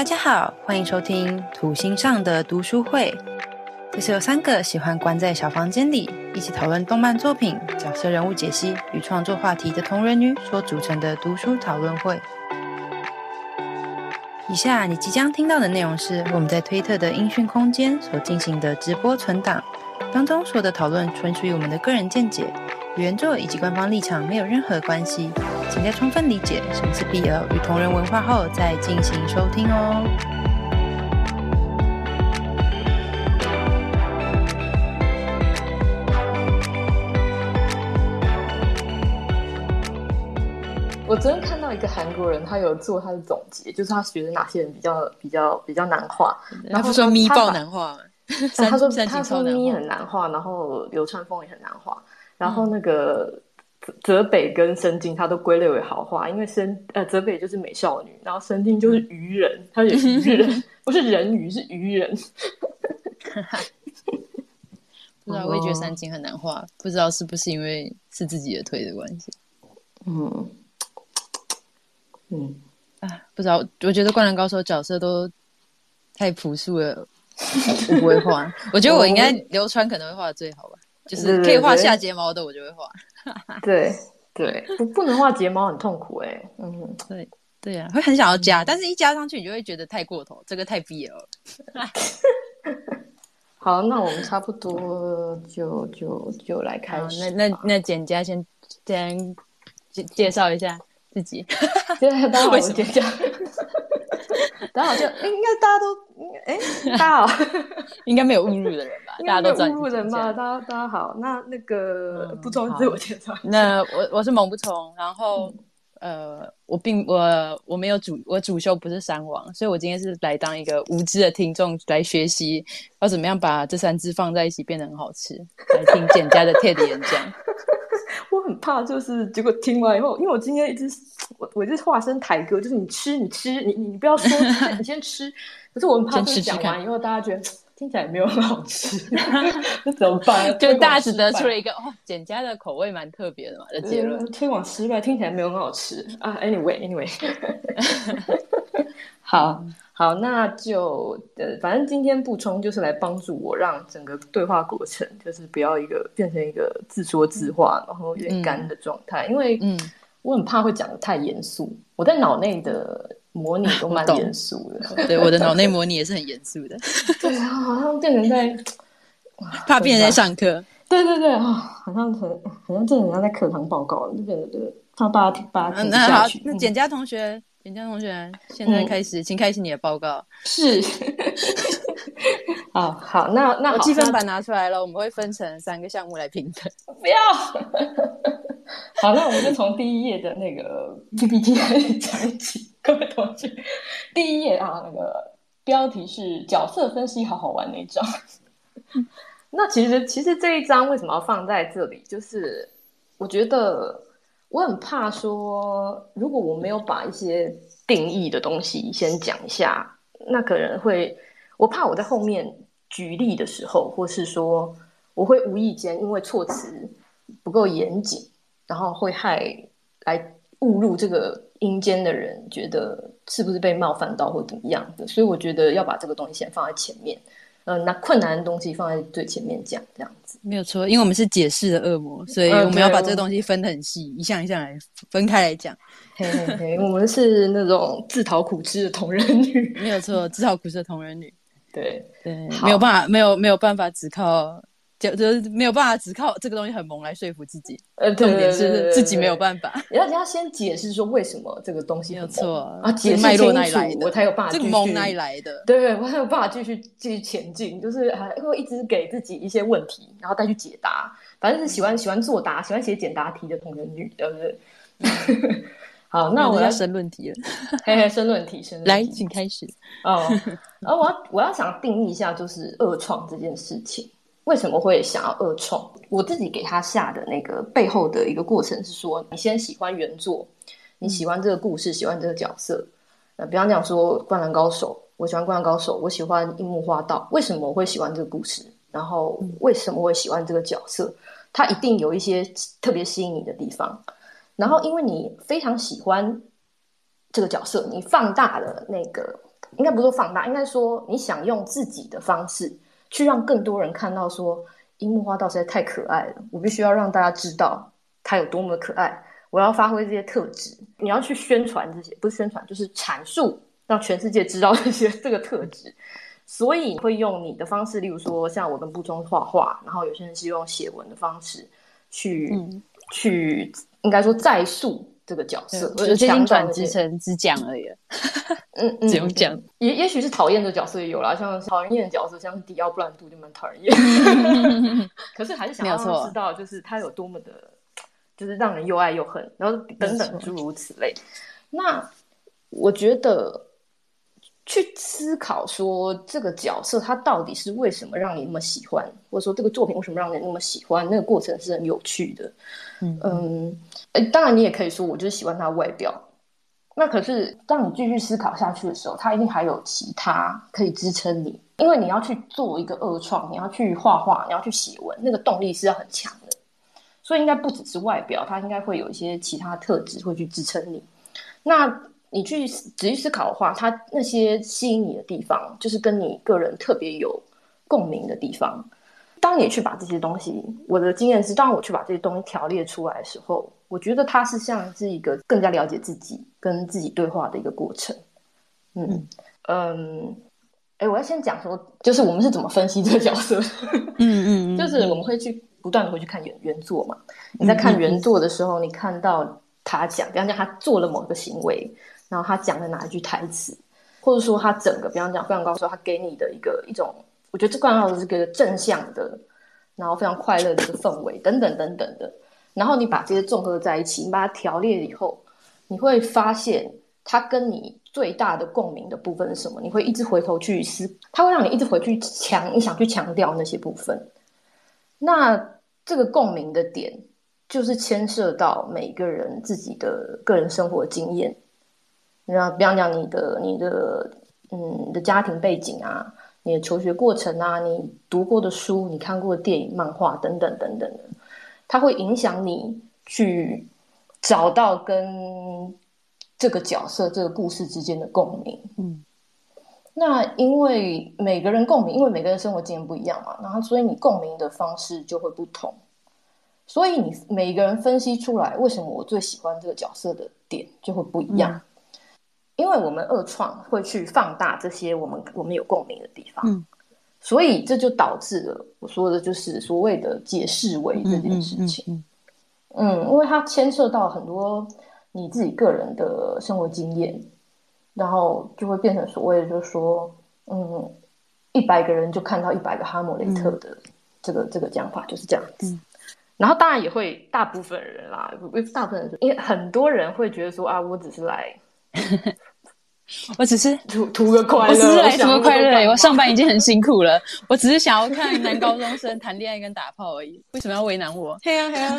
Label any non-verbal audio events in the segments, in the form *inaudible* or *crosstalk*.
大家好，歡迎收聽土星上的讀書會。這是由三個喜歡關在小房間裡一起討論動漫作品、角色人物解析與創作話題的同人女所組成的讀書討論會。以下你即將聽到的內容是我們在推特的音訊空間所進行的直播存檔當中所有的討論，純屬於我們的個人見解，與原作以及官方立場沒有任何關係。請在充分理解什麼是 BL 與同人文化後再進行收聽哦。我昨天看到一個韓國人，他有做他的總結，就是他覺得哪些人比較比較比較難畫，然後不說咪爆難畫，他說把 *laughs* 三井超難畫，他說咪很難畫，然後流川楓也很難畫，然後那個。嗯澤北跟深津他都歸類為好畫，因為深呃澤北就是美少女，然後深津就是魚人，嗯、他也是魚人，不是人魚，是魚人。 *laughs* *laughs* 不知道，我也覺得深津很難畫，不知道是不是因為是自己的腿的關係，嗯。嗯嗯、啊，不知道，我覺得灌籃高手角色都太樸素了，我 *laughs* 不會畫。我覺得我應該，哦，流川可能會畫的最好吧，就是可以畫下睫毛的我就會畫。 *laughs* 對對，不不能畫睫毛很痛苦哎、欸，嗯，對對呀、啊，會很想要加，嗯、但是一加上去你就會覺得太過頭，這個太 BL 了。 *laughs* *laughs* 好，那我們差不多就就就來開始 *laughs* 那。那那那減加先先介介紹一下自己，哈 *laughs* 哈，我叫減加。剛 *laughs* 好就應該大家都哎、欸、大好， *laughs* 應該沒有誤入的人吧？ *laughs* 辱人吧，大家都誤入的嘛？大家大家好，那那個不從自我介紹，那我我是萌不充， *laughs* 然後呃我並我我沒有主我主修不是山王，所以我今天是來當一個無知的聽眾來學習要怎麼樣把這三隻放在一起變得很好吃，來聽減加的 TED 的演講。 *laughs* *laughs* 我很怕，就是結果聽完以後，因為我今天一直，我我一直化身台歌，就是你吃你吃你你不要說，你先吃。 *laughs* 先吃，可是我很怕，講講完以後吃吃大家覺得聽起來沒有很好吃，那 *laughs* 怎麼辦？ *laughs* 就大致得出了一個 *laughs* 哦，減加的口味蠻特別的嘛的結論，推廣失敗，聽起來沒有很好吃啊。Anyway，Anyway，、uh, anyway. *laughs* 好。好，那就呃，反正今天補充就是來幫助我，讓整個對話過程就是不要一個變成一個自說自話，然後有點乾的狀態，因為嗯，我很怕會講的太嚴肅，我在腦內的模擬都蠻嚴肅的，對，我的腦內模擬也是很嚴肅的，對，好像變成在怕變成在上課，對對對啊，好像很好像這種人在課堂報告了，就覺他爸。把停下去，那減加同學。減加同學，現在開始，嗯、請開始你的報告。是， *laughs* *laughs* 好，好，那那好，積分板拿出來了，我們會分成三個項目來評分。不要， *laughs* 好那我們就從第一頁的那個 PPT 開始講起，各位同學。第一頁啊，那個標題是“角色分析，好好玩”那一張。 *laughs* 那其實，其實這一張為什麼要放在這裡？就是我覺得。我很怕說，如果我沒有把一些定義的東西先講一下，那可能會，我怕我在後面舉例的時候，或是說我會無意間因為措辭不夠嚴謹，然後會害來誤入這個陰間的人覺得是不是被冒犯到或怎麼樣的，所以我覺得要把這個東西先放在前面。嗯，呃、那困難的東西放在最前面講，這樣子沒有錯。因為我們是解釋的惡魔，嗯、所以我們要把這個東西分得很細，嗯、一項一項來分開來講。嘿嘿嘿，我們是那種自討苦吃的同人女，沒有錯，自討苦吃的同人女，對 *laughs* 對，對好沒有辦法，沒有沒有辦法，只靠。就就是沒有辦法，只靠這個東西很萌來說服自己。重點是自己沒有辦法。你要你要先解釋說為什麼這個東西沒有錯啊，啊，解釋清楚這萌哪來的，我才有辦法繼續。這個萌哪來的？對，我才有辦法繼續繼續前進。就是還會一直給自己一些問題，然後再去解答。反正是喜歡喜歡作答、喜歡寫簡答題的同人女，是不是？ *laughs* 好，那我要申論題了。 *laughs* 嘿嘿，申論題，申論題。來，請開始。哦， *laughs* 啊，我要我要想定義一下，就是二創這件事情。為什麼會想要二創？我自己給他下的那個背後的一個過程是說：你先喜歡原作，你喜歡這個故事，喜歡這個角色。那比方講說《灌籃高手》，我喜歡《灌籃高手》，我喜歡櫻木花道。為什麼我會喜歡這個故事？然後為什麼我會喜歡這個角色？他一定有一些特別吸引你的地方。然後因為你非常喜歡這個角色，你放大了那個，應該不是說放大，應該說你想用自己的方式。去讓更多人看到說，說櫻木花道實在太可愛了，我必須要讓大家知道他有多麼的可愛。我要發揮這些特質，你要去宣傳這些，不是宣傳，就是闡述，讓全世界知道這些這個特質。所以你會用你的方式，例如說像我跟步中畫畫，然後有些人是用寫文的方式去、嗯、去，應該說再述。這個角色，嗯、就是轉繼承只講而已，嗯，只講、嗯嗯嗯，也也許是討厭的角色也有啦。像討厭的角色，像迪奧布蘭度就蠻討厭， *laughs* *laughs* 可是還是想要知道就是他有多麼的，啊、就是讓人又愛又恨，然後等等諸如此類。嗯、那我覺得。去思考說這個角色他到底是為什麼讓你那麼喜歡，或者說這個作品為什麼讓你那麼喜歡，那個過程是很有趣的。嗯，嗯、欸，當然你也可以說，我就是喜歡他的外表。那可是當你繼續思考下去的時候，他一定還有其他可以支撐你，因為你要去做一個二創，你要去畫畫，你要去寫文，那個動力是要很強的。所以應該不只是外表，他應該會有一些其他特質會去支撐你。那。你去仔細思考的話，他那些吸引你的地方，就是跟你個人特別有共鳴的地方。當你去把這些東西，我的經驗是，當我去把這些東西條列出來的時候，我覺得它是像是一個更加了解自己跟自己對話的一個過程。嗯嗯嗯，誒，我要先講說，就是我們是怎麼分析這個角色的。嗯嗯嗯，就是我們會去不斷的回去看原原作嘛。你在看原作的時候，你看到他講，比方講他做了某個行為。然後他講的哪一句台詞，或者說他整個，比方講灌籃高手，他給你的一個一種，我覺得這灌籃高手是個正向的，然後非常快樂的氛圍等等等等的。然後你把這些綜合在一起，你把它條列以後，你會發現他跟你最大的共鳴的部分是什麼？你會一直回頭去思，他會讓你一直回去強，你想去強調那些部分。那這個共鳴的點，就是牽涉到每個人自己的個人生活經驗。然後，比方講你的、你的，嗯，你的家庭背景啊，你的求學過程啊，你讀過的書，你看過的電影、漫畫等等等等的，它會影響你去找到跟這個角色、這個故事之間的共鳴。嗯，那因為每個人共鳴，因為每個人生活經驗不一樣嘛，然後所以你共鳴的方式就會不同，所以你每個人分析出來為什麼我最喜歡這個角色的點就會不一樣。嗯因為我們二創會去放大這些我們我們有共鳴的地方，嗯、所以這就導致了我說的就是所謂的解釋為這件事情，嗯，嗯，嗯，嗯，因為它牽涉到很多你自己個人的生活經驗，然後就會變成所謂的就是說，嗯，一百個人就看到一百個哈姆雷特的這個、嗯、這個講法就是這樣子。嗯、然後當然也會大部分人啦，大部分人因為很多人會覺得說啊，我只是來。 *laughs* 我只是圖圖個快樂，我只是來圖個快樂。我，我上班已經很辛苦了，我只是想要看男高中生談戀愛跟打炮而已。 *laughs* 為什麼要為難我？嘿啊嘿啊，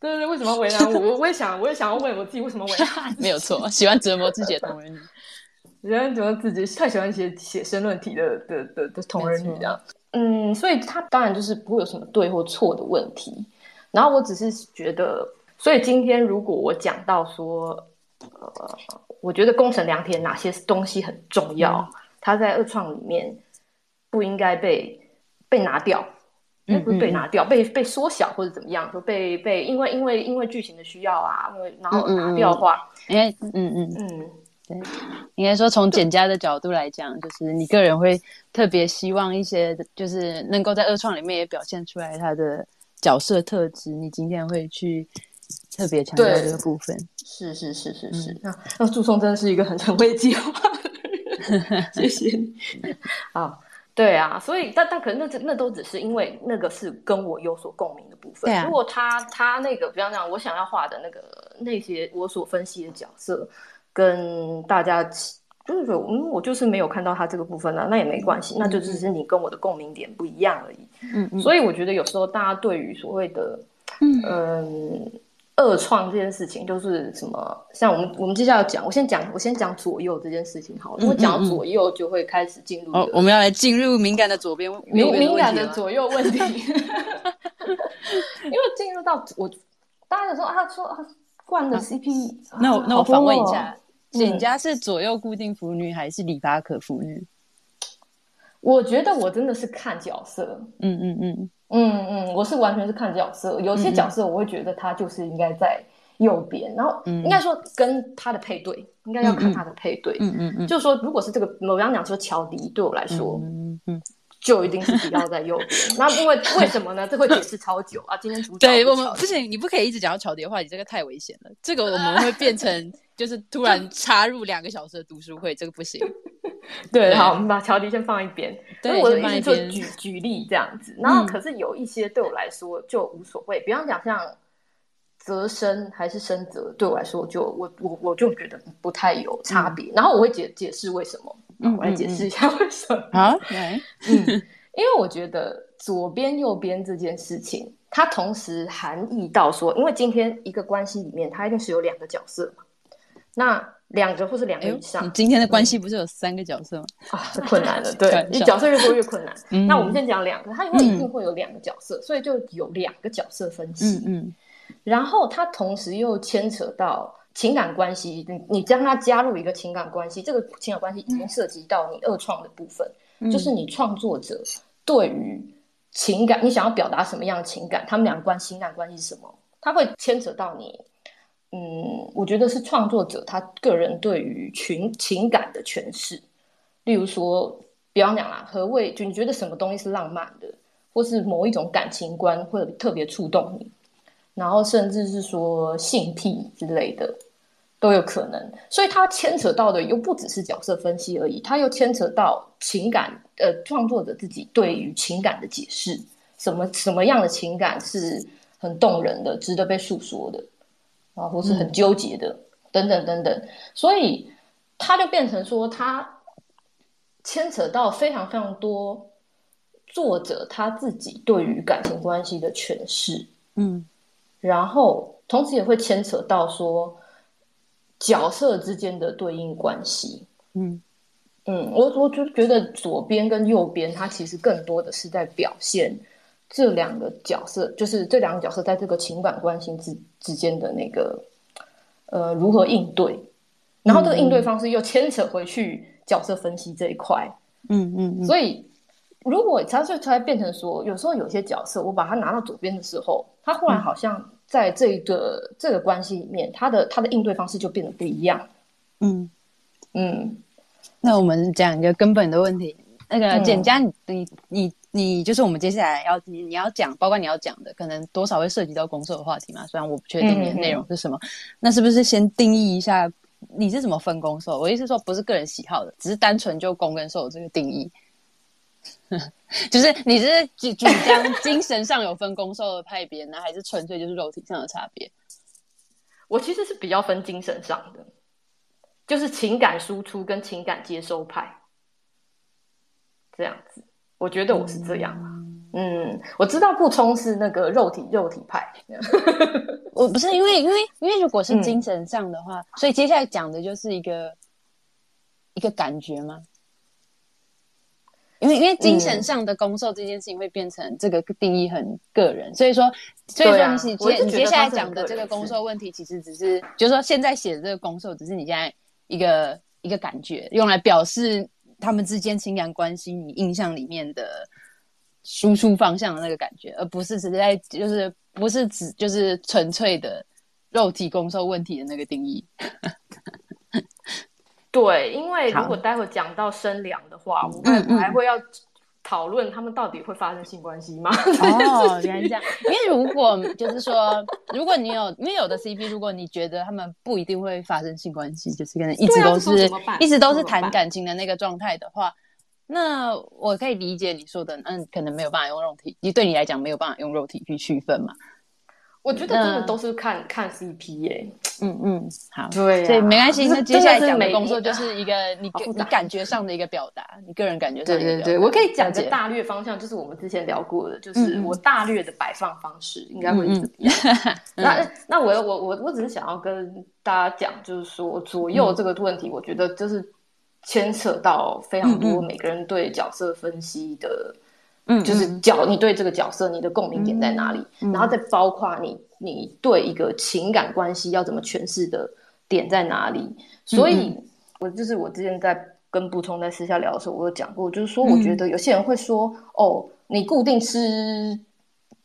對對對，為什麼要為難我， *laughs* 我？我也想，我也想要問我自己，為什麼為難我自己？ *laughs* 沒有錯，喜歡折磨自己的同人女，人怎麼自己太喜歡寫寫申論題的的的的同人女這樣？嗯，所以他當然就是不會有什麼對或錯的問題。然後我只是覺得，所以今天如果我講到說，呃。我覺得宮城良田哪些東西很重要，他、嗯、在二創裡面不應該被被拿掉，嗯嗯不是被拿掉被被縮小或者怎麼樣，就被被因為因為因為劇情的需要啊，然後拿掉的話，應該嗯嗯嗯，應該、嗯嗯嗯、說從減加的角度來講，對就是你個人會特別希望一些，就是能夠在二創裡面也表現出來他的角色特質，你今天會去特別強調這個部分。是是是是是，那那注松真的是一個很很會計劃，謝謝你啊，對啊，所以但但可能那那都只是因為那個是跟我有所共鳴的部分。啊、如果他他那個比方說我想要畫的那個那些我所分析的角色，跟大家就是說嗯，我就是沒有看到他這個部分呢、啊，那也沒關係，嗯、那就只是你跟我的共鳴點不一樣而已。嗯，所以我覺得有時候大家對於所謂的嗯。嗯二創這件事情就是什麼？像我們，我們接下來講，我先講，我先講左右這件事情好了。因為、嗯嗯嗯、講到左右，就會開始進入嗯嗯、哦。我們要來進入敏感的左邊，明邊敏感的左右問題。 *laughs* *laughs* 因為進入到我，大家就說啊，他說慣的 CP。啊啊、那我、哦、那我反問一下，減、嗯、加是左右固定腐女還是李巴可腐女？我覺得我真的是看角色。嗯嗯嗯。嗯嗯，我是完全是看角色，有些角色我會覺得他就是應該在右邊，嗯嗯然後應該說跟他的配對，應該要看他的配對，嗯，嗯就是說如果是這個某樣講說喬迪對我來說，嗯，嗯嗯。就一定是比較在右邊， *laughs* 那因為為什麼呢？這會解釋超久 *laughs* 啊！今天主角對，我們不行，你不可以一直講到喬迪的話，你這個太危險了。這個我們會變成就是突然插入兩個小時的讀書會， *laughs* 這個不行。 *laughs* 對，對好，我們把喬迪先放一邊。對，我先做對舉舉例這樣子。然後可是有一些對我來說就無所謂，嗯、比方講像。擇生還是生擇，對我來說就，就我我我就覺得不太有差別。嗯、然後我會解解釋為什麼、嗯嗯嗯啊，我來解釋一下為什麼啊？ *laughs* 嗯，因為我覺得左邊右邊這件事情，它同時含義到說，因為今天一個關係裡面，它一定是有兩個角色嘛，那兩個或是兩個以上，哎、你今天的關係不是有三個角色嗎？嗯、啊，困難的，對，你 *laughs* 角色越多越困難。嗯、那我們先講兩個，他以後一定會有兩個角色，嗯、所以就有兩個角色分析、嗯，嗯。然後它同時又牽扯到情感關係，你你將它加入一個情感關係，這個情感關係已經涉及到你二創的部分，嗯、就是你創作者對於情感，嗯、你想要表達什麼樣的情感，他們兩個關心情感關係是什麼，它會牽扯到你。嗯，我覺得是創作者他個人對於情情感的詮釋，例如說，比方講啦、啊，何謂就你覺得什麼東西是浪漫的，或是某一種感情觀會特別觸動你。然後甚至是說性癖之類的都有可能，所以他牽扯到的又不只是角色分析而已，他又牽扯到情感，呃，創作者自己對於情感的解釋，什麼什麼樣的情感是很動人的，值得被訴說的，啊，或是很糾結的，等等等等，所以他就變成說，他牽扯到非常非常多作者他自己對於感情關係的詮釋，嗯。然後，同時也會牽扯到說角色之間的對應關係。嗯嗯，我、嗯、我就覺得左邊跟右邊，它其實更多的是在表現這兩個角色，就是這兩個角色在這個情感關係之之間的那個呃如何應對，然後這個應對方式又牽扯回去角色分析這一塊。嗯嗯，嗯嗯所以，如果他就突然變成說，有時候有些角色，我把它拿到左邊的時候，他忽然好像在這個、嗯、這個關係裡面，他的他的應對方式就變得不一樣。嗯嗯，嗯那我們講一個根本的問題。那個減加，嗯、你你你就是我們接下來要你要講，包括你要講的，可能多少會涉及到攻受的話題嘛？雖然我不確定你的內容是什麼，嗯嗯那是不是先定義一下你是怎麼分攻受？我意思說，不是個人喜好的，只是單純就攻跟受的這個定義。 *laughs* 就是你是主張精神上有分攻受的派別呢， *laughs* 還是純粹就是肉體上的差別？我其實是比較分精神上的，就是情感輸出跟情感接收派這樣子。我覺得我是這樣、啊。嗯，嗯，我知道不充是那個肉體肉體派。 *laughs* *laughs* 我不是，因為因為因為如果是精神上的話，嗯、所以接下來講的就是一個一個感覺嗎？因為因為精神上的攻受這件事情會變成，這個定義很個人，嗯、所以說所以說你是接、啊、你接下來講的這個攻受問題其實只是，是，是就是說，現在寫的這個攻受只是你現在一個一個感覺，用來表示他們之間情感關係你印象裡面的輸出方向的那個感覺，而不是只是在就是不是只就是純粹的肉體攻受問題的那個定義。 *laughs* 對，因為如果待會講到深良的話，好我們還會要討論他們到底會發生性關係嗎？嗯嗯、 *laughs* 哦，原來這樣。因為如果就是說， *laughs* 如果你有，因為有的 CP，如果你覺得他們不一定會發生性關係，就是可能一直都是，一直都是談感情的那個狀態的話，那我可以理解你說的，嗯，可能沒有辦法用肉體，你對你來講沒有辦法用肉體去區分嘛。我覺得真的都是看看 CP 啊，嗯嗯，好，對，所以沒關係。那接下來講的工作就是一個你感覺上的一個表達，你個人感覺上的表達，對對對，我可以講個大略方向，就是我們之前聊過的，就是我大略的擺放方式應該會。那那我我我我只是想要跟大家講，就是說左右這個問題，我覺得就是牽扯到非常多每個人對角色分析的。嗯，嗯，就是角，你對這個角色你的共鳴點在哪裡？嗯嗯、然後再包括你，你對一個情感關係要怎麼詮釋的點在哪裡？所以，嗯嗯，我就是我之前在跟不充在私下聊的時候，我有講過，就是說我覺得有些人會說，嗯、哦，你固定吃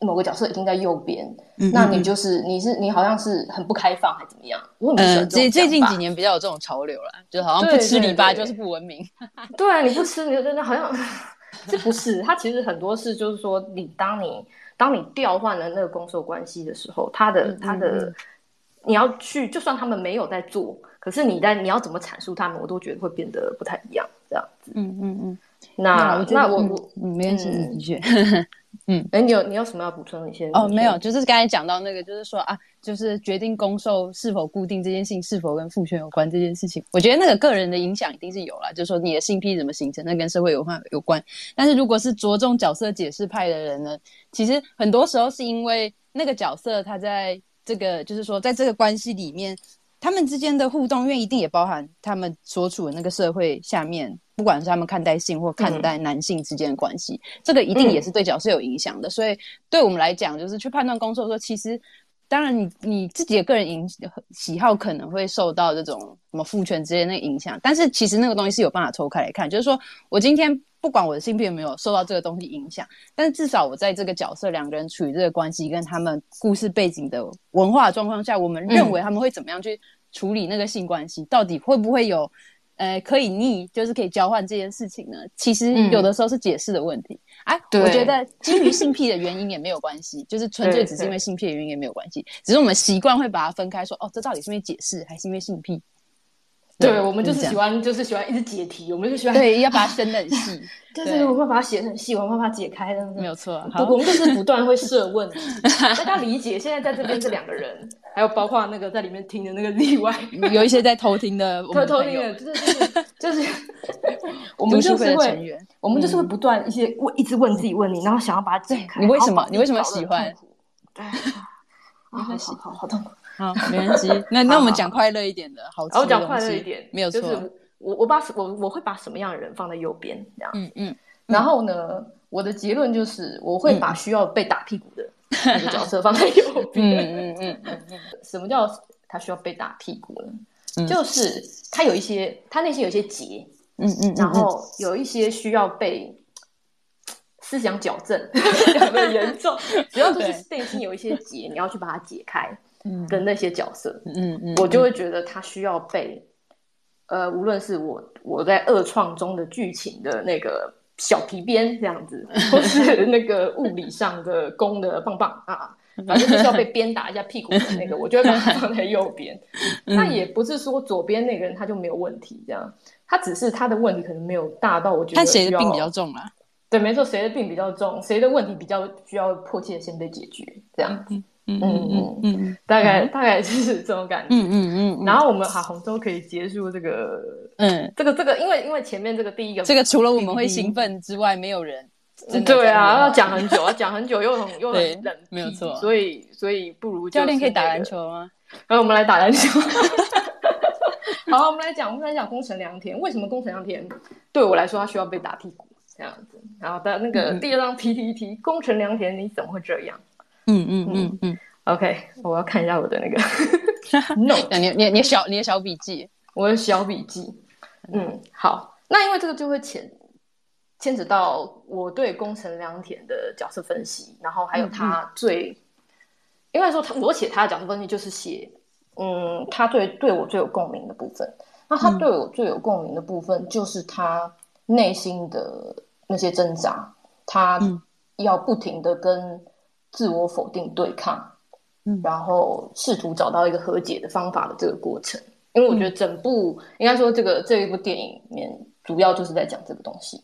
某個角色一定在右邊，嗯嗯，那你就是你是你好像是很不開放，還怎麼樣？我嗯，最最近幾年比較有這種潮流了，就好像不吃里巴就是不文明。對，你不吃你就真的好像。 *laughs* *laughs* 這不是他，其實很多事就是說，你當你當你調換了那個攻受關係的時候，他的他的，的嗯嗯嗯你要去就算他們沒有在做，可是你在，嗯、你要怎麼闡述他們，我都覺得會變得不太一樣這樣子。嗯嗯嗯，那那我、嗯、我你先請一句。嗯 *laughs* 嗯，哎、欸，你有你有什麼要補充？一些哦，沒有，就是剛才講到那個，就是說啊，就是決定攻受是否固定這件事情，是否跟父權有關這件事情，我覺得那個個人的影響一定是有啦，就是說你的性癖怎麼形成，那跟社會文化有關。但是如果是着重角色解釋派的人呢，其實很多時候是因為那個角色他在這個，就是說在這個關係裡面，他們之間的互動，因為一定也包含他們所處的那個社會下面。不管是他們看待性或看待男性之間的關係，嗯、這個一定也是對角色有影響的。嗯、所以，對我們來講，就是去判斷工作說，其實當然你，你你自己的個人影喜好可能會受到這種什麼父權之間的影響，但是其實那個東西是有辦法抽開來看。就是說我今天不管我的性別有沒有受到這個東西影響，但是至少我在這個角色兩個人處於這個關係跟他們故事背景的文化的狀況下，我們認為他們會怎麼樣去處理那個性關係，嗯、到底會不會有？呃，可以逆，就是可以交換這件事情呢。其實有的時候是解釋的問題。哎，我覺得基於性癖的原因也沒有關係， *laughs* 就是純粹只是因為性癖的原因也沒有關係。對對對，只是我們習慣會把它分開說，哦，這到底是因為解釋，還是因為性癖？對，我們就是喜歡，就是喜歡一直解題。我們就喜歡對，要把它生得很細。對，我們把它寫得很細，我們把它解開的。沒有錯。我們就是不斷會設問題，大家理解。現在在這邊這兩個人，還有包括那個在裡面聽的那個例外，有一些在偷聽的。偷聽的，就是就是，我們就是會，我們就是會不斷一些問，一直問自己問你，然後想要把它解開。你為什麼？你為什麼喜歡？對，你為什麼？好痛苦。好，沒人接。那那我們講快樂一點的，好，我講快樂一點，沒有錯。就是我，我把我我會把什麼樣的人放在右邊？這樣，嗯嗯。然後呢，我的結論就是，我會把需要被打屁股的角色放在右邊。嗯嗯嗯。什麼叫他需要被打屁股呢？就是他有一些，他內心有一些結，嗯嗯，然後有一些需要被思想矯正，很嚴重，主要就是內心有一些結，你要去把它解開。的那些角色，嗯嗯，嗯嗯我就會覺得他需要被，嗯、呃，無論是我我在二創中的劇情的那個小皮鞭這樣子，或是那個物理上的攻的棒棒 *laughs* 啊，反正就是要被鞭打一下屁股的那個， *laughs* 我就會把它放在右邊。嗯、那也不是說左邊那個人他就沒有問題，這樣，他只是他的問題可能沒有大到我覺得。看誰的病比較重啊？對，沒錯，誰的病比較重，誰的問題比較需要迫切先被解決，這樣子。嗯嗯嗯嗯嗯，嗯嗯大概、嗯、大概就是這種感覺。嗯嗯嗯。嗯嗯然後我們哈，紅都可以結束這個。嗯，這個這個，因為因為前面這個第一個，這個除了我們會興奮之外，沒有人、嗯、對啊，要講很久啊，講 *laughs* 很久又很又很冷，沒有錯。所以所以不如、那個、教練可以打籃球嗎？然後我們來打籃球。好，我們來講我們來講宮城良田。為什麼宮城良田對我來說，他需要被打屁股這樣子？好的，那個第二張 PPT 宮城良田，你怎麼會這樣？嗯嗯嗯 okay, 嗯，OK，我要看一下我的那個 *laughs* ，no，你你你小你的小筆記，我的小筆記，嗯，嗯好，那因為這個就會牽牽扯到我對宮城良田的角色分析，然後還有他最，應該、嗯嗯、說他我寫他的角色分析就是寫，嗯，他最對，對我最有共鳴的部分，那他對我最有共鳴的部分就是他內心的那些掙扎，他要不停的跟。嗯嗯自我否定對抗，嗯、然後試圖找到一個和解的方法的這個過程，因為我覺得整部、嗯、應該說這個這一部電影裡面主要就是在講這個東西。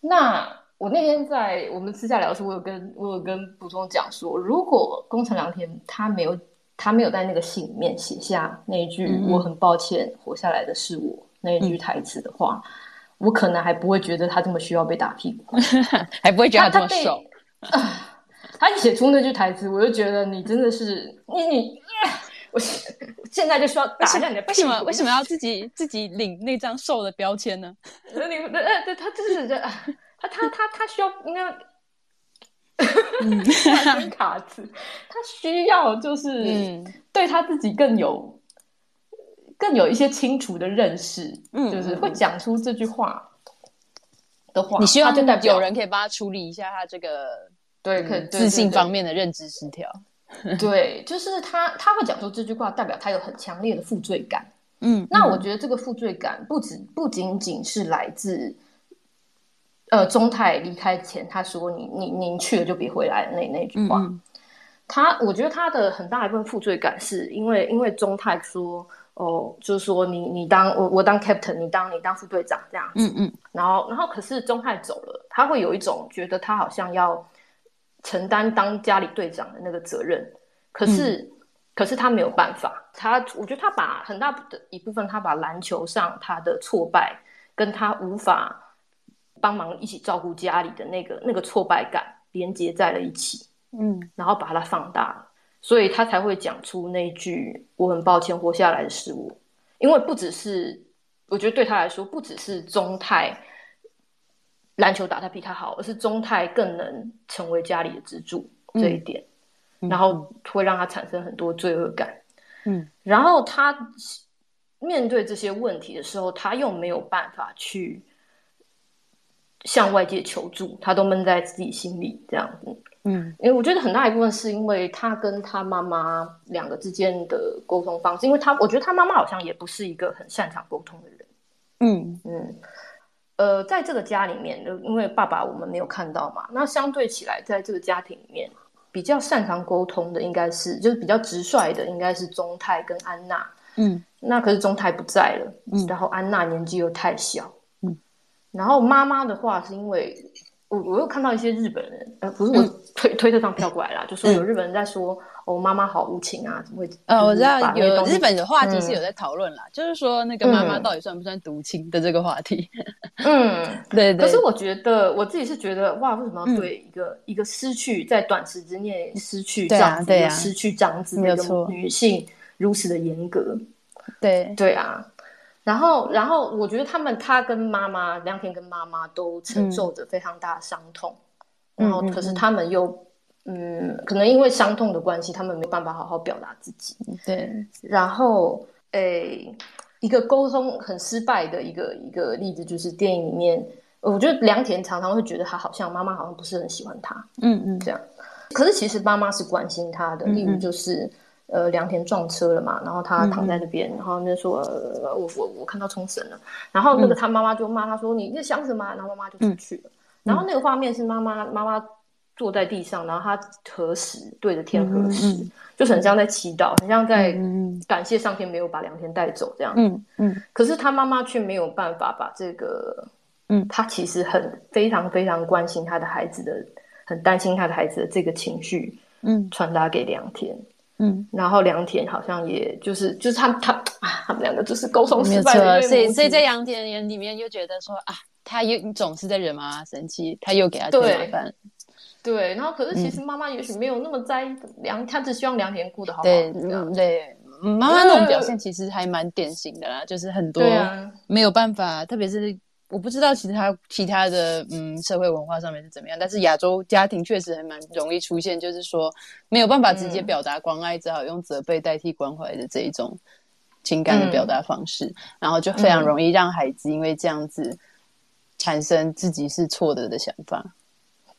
那我那天在我們私下聊的時候，我有跟我有跟不充講說，如果宮城良田他沒有他沒有在那個信裡面寫下那一句、嗯“我很抱歉，活下來的是我”那一句台詞的話，嗯、我可能還不會覺得他這麼需要被打屁股， *laughs* 還不會覺得他這麼瘦。 *laughs* 他一寫出那句台詞，我就覺得你真的是、嗯、你你、啊，我現在就需要打臉。你的為什麼為什麼要自己 *laughs* 自己領那張瘦的標籤呢？那那呃，對他就是他他他他需要那，卡字，他需要就是對他自己更有、嗯、更有一些清楚的認識，嗯、就是會講出這句話的話，你需要、這個、有人可以幫他處理一下他這個。對，可自信方面的認知失調。 *laughs* 對，就是他他會講說這句話代表他有很強烈的負罪感。嗯，嗯，那我覺得這個負罪感不止不僅僅是來自，呃，中泰離開前他說你“你你你去了就別回來”那那句話。嗯嗯、他我覺得他的很大一部分負罪感是因為因為中泰說哦，就是說你你當我我當 captain，你當你當副隊長這樣子嗯。嗯嗯，然後然後可是中泰走了，他會有一種覺得他好像要。承擔當家裡隊長的那個責任，可是，嗯、可是他沒有辦法。他，我覺得他把很大的一部分，他把籃球上他的挫敗，跟他無法幫忙一起照顧家裡的那個那個挫敗感連接在了一起，嗯，然後把它放大，所以他才會講出那句“我很抱歉活下來的是我”，因為不只是，我覺得對他來說，不只是宗太。籃球打得比他好，而是宗太更能成為家裡的支柱，嗯，這一點，嗯，然後會讓他產生很多罪惡感。嗯，然後他面對這些問題的時候，他又沒有辦法去向外界求助，他都悶在自己心裡這樣子。嗯，因為我覺得很大一部分是因為他跟他媽媽兩個之間的溝通方式，因為他我覺得他媽媽好像也不是一個很擅長溝通的人。嗯嗯。嗯呃，在這個家裡面，因為爸爸我們沒有看到嘛，那相對起來，在這個家庭裡面，比較擅長溝通的應該是，就是比較直率的，應該是宗太跟安娜，嗯，那可是宗太不在了，嗯，然後安娜年紀又太小，嗯，然後媽媽的話是因為。我又看到一些日本人，呃，不是我推推特上飄過來啦。就是有日本人在說：“哦，媽媽好無情啊，怎麼會？”呃，我知道有日本的話題是有在討論啦，就是說那個媽媽到底算不算毒親的這個話題。嗯，對對。可是我覺得我自己是覺得，哇，為什麼要對一個一個失去在短時之內失去長子，失去長子的女性如此的嚴格？對對啊。然後，然後我覺得他們，他跟媽媽，良田跟媽媽都承受着非常大的傷痛，嗯、然後可是他們又，嗯，可能因為傷痛的關係，他們沒有辦法好好表達自己。對，然後，誒、欸，一個溝通很失敗的一個一個例子，就是電影裡面，我覺得良田常常會覺得他好像媽媽好像不是很喜歡他，嗯嗯，這樣，可是其實媽媽是關心他的，例如就是。嗯嗯呃，良田撞車了嘛，然後他躺在這邊，嗯、然後就說、呃：「我我我看到沖繩了。」然後那個他媽媽就罵他說：「嗯、你你在想什麼？」然後媽媽就出去了。嗯、然後那個畫面是媽媽媽媽坐在地上，然後他合十對着天合十，嗯嗯、就是很像在祈禱，很像在感謝上天沒有把良田帶走這樣。嗯嗯。嗯可是他媽媽卻沒有辦法把這個，嗯，他其實很非常非常關心他的孩子的，很擔心他的孩子的這個情緒，嗯，傳達給良田。嗯，然後良田好像也就是就是他他啊，他們兩個就是溝通失敗、啊，了所以所以在良田眼裡面又覺得說啊，他又你總是在惹媽媽生氣，他又給他添麻煩。對，然後可是其實媽媽也許沒有那麼在意良，他、嗯、只希望良田過得好，好對、嗯。對，對、嗯，媽媽那種表現其實還蠻典型的啦，對對對，就是很多沒有辦法，啊、特別是。我不知道其他其他的嗯社會文化上面是怎麼樣，但是亞洲家庭確實還蠻容易出現，就是說沒有辦法直接表達關愛，嗯、只好用責備代替關懷的這一種情感的表達方式，嗯、然後就非常容易讓孩子因為這樣子產生自己是錯的的想法。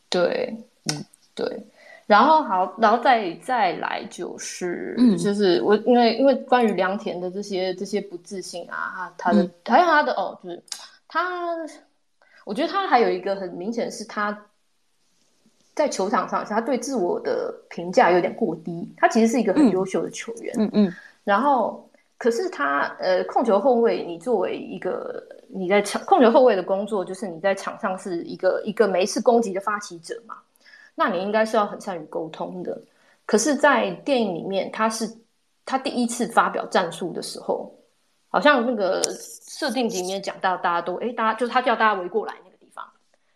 對，嗯，對。然後好，然後再再來就是，嗯、就是我因為因為關於良田的這些這些不自信啊，他的、嗯、還有他的哦，就是。他，我覺得他還有一個很明顯是他，在球場上，他對自我的評價有點過低。他其實是一個很優秀的球員，嗯嗯。嗯嗯然後，可是他呃，控球後衛，你作為一個你在場控球後衛的工作，就是你在場上是一個一個每一次攻擊的發起者嘛，那你應該是要很善於溝通的。可是，在電影裡面，他是他第一次發表戰術的時候。好像那個設定集裡面講到大，大家都哎，大家就是他叫大家圍過來那個地方。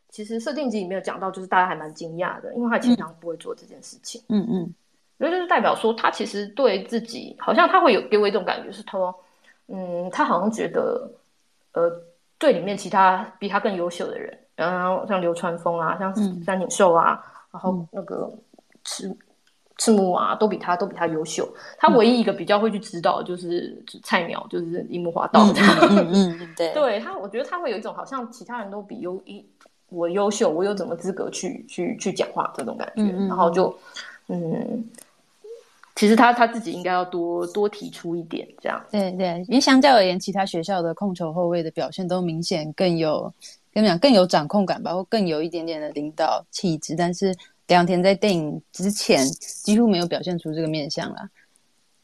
其實設定集裡面有講到，就是大家還蠻驚訝的，因為他平常不會做這件事情。嗯嗯，那、嗯嗯、就是代表說他其實對自己，好像他會有給我一種感覺是他說，嗯，他好像覺得呃隊裡面其他比他更優秀的人，然後像流川楓啊，像三井壽啊，嗯、然後那個吃。赤木啊，都比他都比他優秀。他唯一一個比較會去指導，就是菜鳥，嗯、就是櫻木花道。對，對他，我覺得他會有一種好像其他人都比優一我優秀，我有怎麼資格去、嗯、去去講話這種感覺。嗯、然後就嗯，其實他他自己應該要多多提出一點這樣。對對，因為相較而言，其他學校的控球後衛的表現都明顯更有跟你講更有掌控感吧，或更有一點點的領導氣質，但是。良田在電影之前幾乎沒有表現出這個面相啦，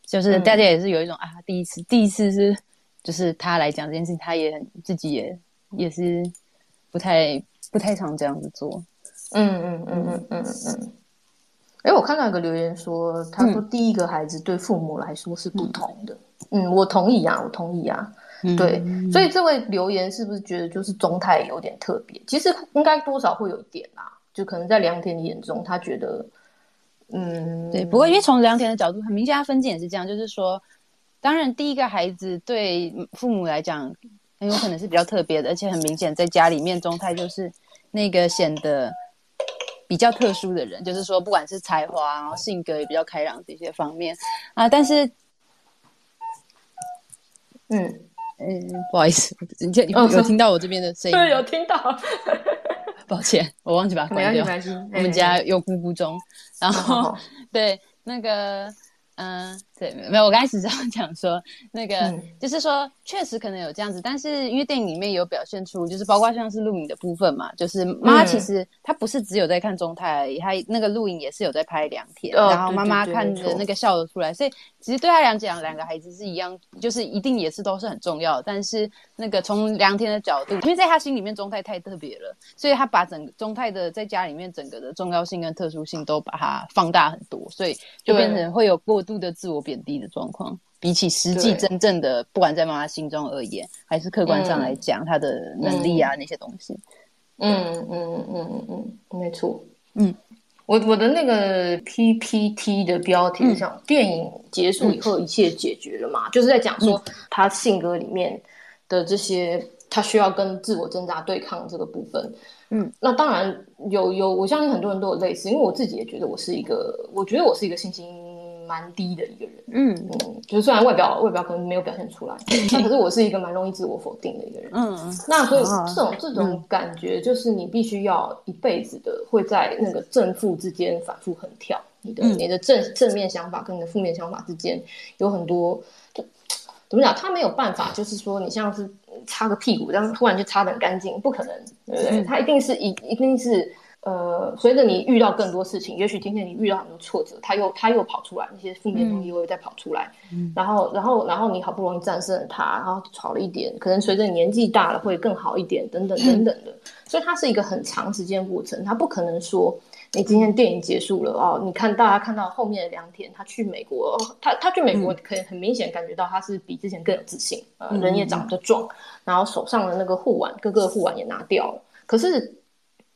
就是大家也是有一種、嗯、啊，第一次，第一次是，就是他來講這件事情，他也很自己也也是不太不太常這樣子做。嗯嗯嗯嗯嗯嗯。哎、嗯嗯嗯嗯嗯欸，我看到一個留言說，他說第一個孩子對父母來說是不同的。嗯，嗯，我同意啊，我同意啊。嗯、對，嗯、所以這位留言是不是覺得就是宗太有點特別？其實應該多少會有點啦、啊。就可能在良田的眼中，他覺得，嗯，對。不過，因為從良田的角度，很明顯，他分析也是這樣。就是說，當然，第一個孩子對父母來講，很、哎、有可能是比較特別的，而且很明顯，在家裡面，宗太就是那個顯得比較特殊的人。就是說，不管是才華、啊，然後性格也比較開朗這些方面啊，但是，嗯嗯、哎呃，不好意思，人家你有有聽到我這邊的聲音、哦？對，有聽到。 *laughs* 抱歉，我忘記把它關掉。關我們家有咕咕鐘，欸欸然後 *laughs* 對，那個，嗯。呃對，沒有，我剛才這樣講說，那個、嗯、就是說，確實可能有這樣子，但是因為電影裡面有表現出，就是包括像是錄影的部分嘛，就是媽、媽其實她不是只有在看宗太而已，她那個錄影也是有在拍良田。嗯、然後媽媽看着那個笑的出來，哦、對對對對，所以其實對她來講，兩個孩子是一樣，就是一定也是都是很重要的，但是那個從良田的角度，因為在他心裡面宗太太特別了，所以他把整個宗太的在家裡面整個的重要性跟特殊性都把它放大很多，所以就變成會有過度的自我。貶低的狀況，比起實際真正的，對不管在媽媽心中而言，還是客觀上來講，她、嗯、的能力啊、嗯、那些東西，嗯嗯嗯嗯嗯，沒錯，嗯，我我的那個 PPT 的標題像、嗯、《電影結束以後一切解決了》嘛、嗯，就是在講說他性格裡面的這些、嗯、他需要跟自我掙扎對抗這個部分。嗯，那當然有有，我相信很多人都有類似，因為我自己也覺得我是一個，我覺得我是一個信心蠻低的一個人，嗯、嗯，就是雖然外表外表可能沒有表現出來，那 *coughs* 可是我是一個蠻容易自我否定的一個人，嗯， *coughs* 那所以這種 *coughs* 這種感覺就是你必須要一輩子的會在那個正負之間反覆橫跳，你的、嗯、你的正正面想法跟你的負面想法之間有很多就，怎麼講？他沒有辦法，就是說你像是擦個屁股，然後突然就擦得很乾淨，不可能，對不對？他、嗯、一定是，一一定是。呃，隨着你遇到更多事情，也許今天你遇到很多挫折，他又他又跑出來，那些負面東西又，又再跑出來，嗯、然後然後然後你好不容易戰勝了他，然後好了一點，可能隨着年紀大了會更好一點，等等等等的，嗯、所以它是一個很長時間過程，它不可能說你今天電影結束了哦，你看大家看到後面的兩天，他去美國，他他去美國，可以很明顯感覺到他是比之前更有自信，嗯呃、人也長得壯，嗯嗯然後手上的那個護腕，各個護腕也拿掉了，可是，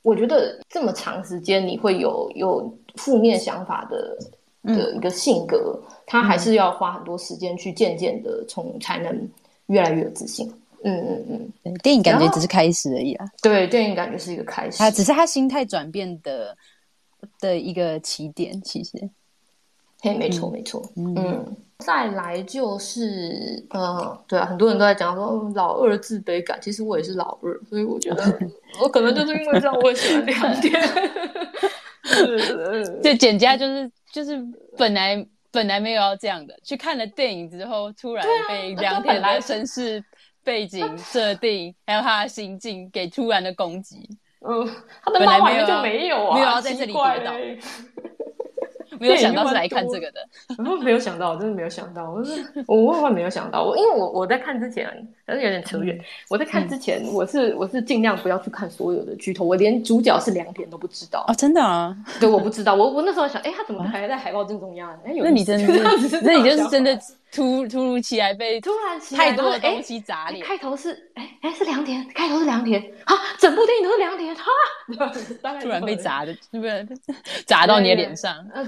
我覺得這麼長時間，你會有有負面想法的的一個性格，嗯、他還是要花很多時間去漸漸的從才能越來越有自信。嗯嗯嗯，電影感覺只是開始而已啊。對，電影感覺是一個開始，只是他心態轉變的的一個起點，其實。嘿，沒錯沒錯，嗯。嗯再來就是，嗯，對啊，很多人都在講說老二自卑感，其實我也是老二，所以我覺得 *laughs* 我可能就是因為這樣，我也喜歡良田。就是，就減加就是就是本來本來沒有要這樣的，去看了電影之後，突然被良田的身世背景設定， *laughs* 還有他的心境給突然的攻擊。嗯，他的媽媽就沒有、啊、沒有，要、欸、沒有要在這裡得 *laughs* 對沒有想到是來看這個的，我沒有想到， *laughs* 真的沒有想到，我是我萬萬沒有想到，我因為我我在看之前，啊，反正有點扯遠，嗯，我在看之前，我是我是盡量不要去看所有的劇透，嗯，我連主角是兩點都不知道啊，哦，真的啊，對，我不知道，我我那時候想，哎，欸，他怎麼還在海報正中央？ *laughs* 欸，那你真的， *laughs* 那你就是真的。 *laughs* 突突如其來被突然太多的東西砸臉，開頭是哎哎是良田，開頭是良田整部電影都是良田突然被砸的，突然砸到你的臉上。那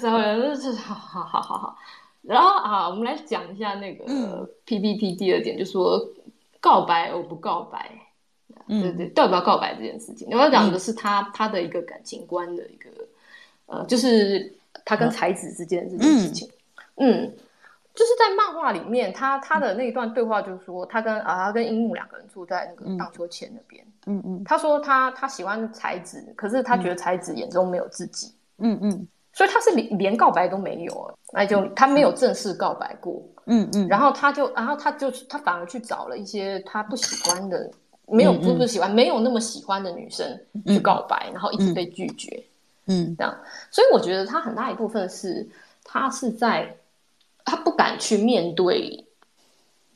好好好好然後啊，我們來講一下那個 PPT 第二點，就說告白我不告白，對對，到底要要不告白這件事情？我要講的是他他的一個感情觀的一個呃，就是他跟彩子之間的這件事情，嗯。就是在漫畫裡面，他他的那一段對話就是說，他跟啊他跟櫻木兩個人住在那個盪秋千那邊、嗯。嗯嗯，他說他他喜歡彩子，嗯、可是他覺得彩子眼中沒有自己。嗯嗯，嗯所以他是連連告白都沒有、嗯、那就他沒有正式告白過。嗯嗯然，然後他就然後他就他反而去找了一些他不喜歡的，沒有不是喜歡、嗯、沒有那麼喜歡的女生去告白，嗯、然後一直被拒絕。嗯，嗯這樣，所以我覺得他很大一部分是他是在。他不敢去面對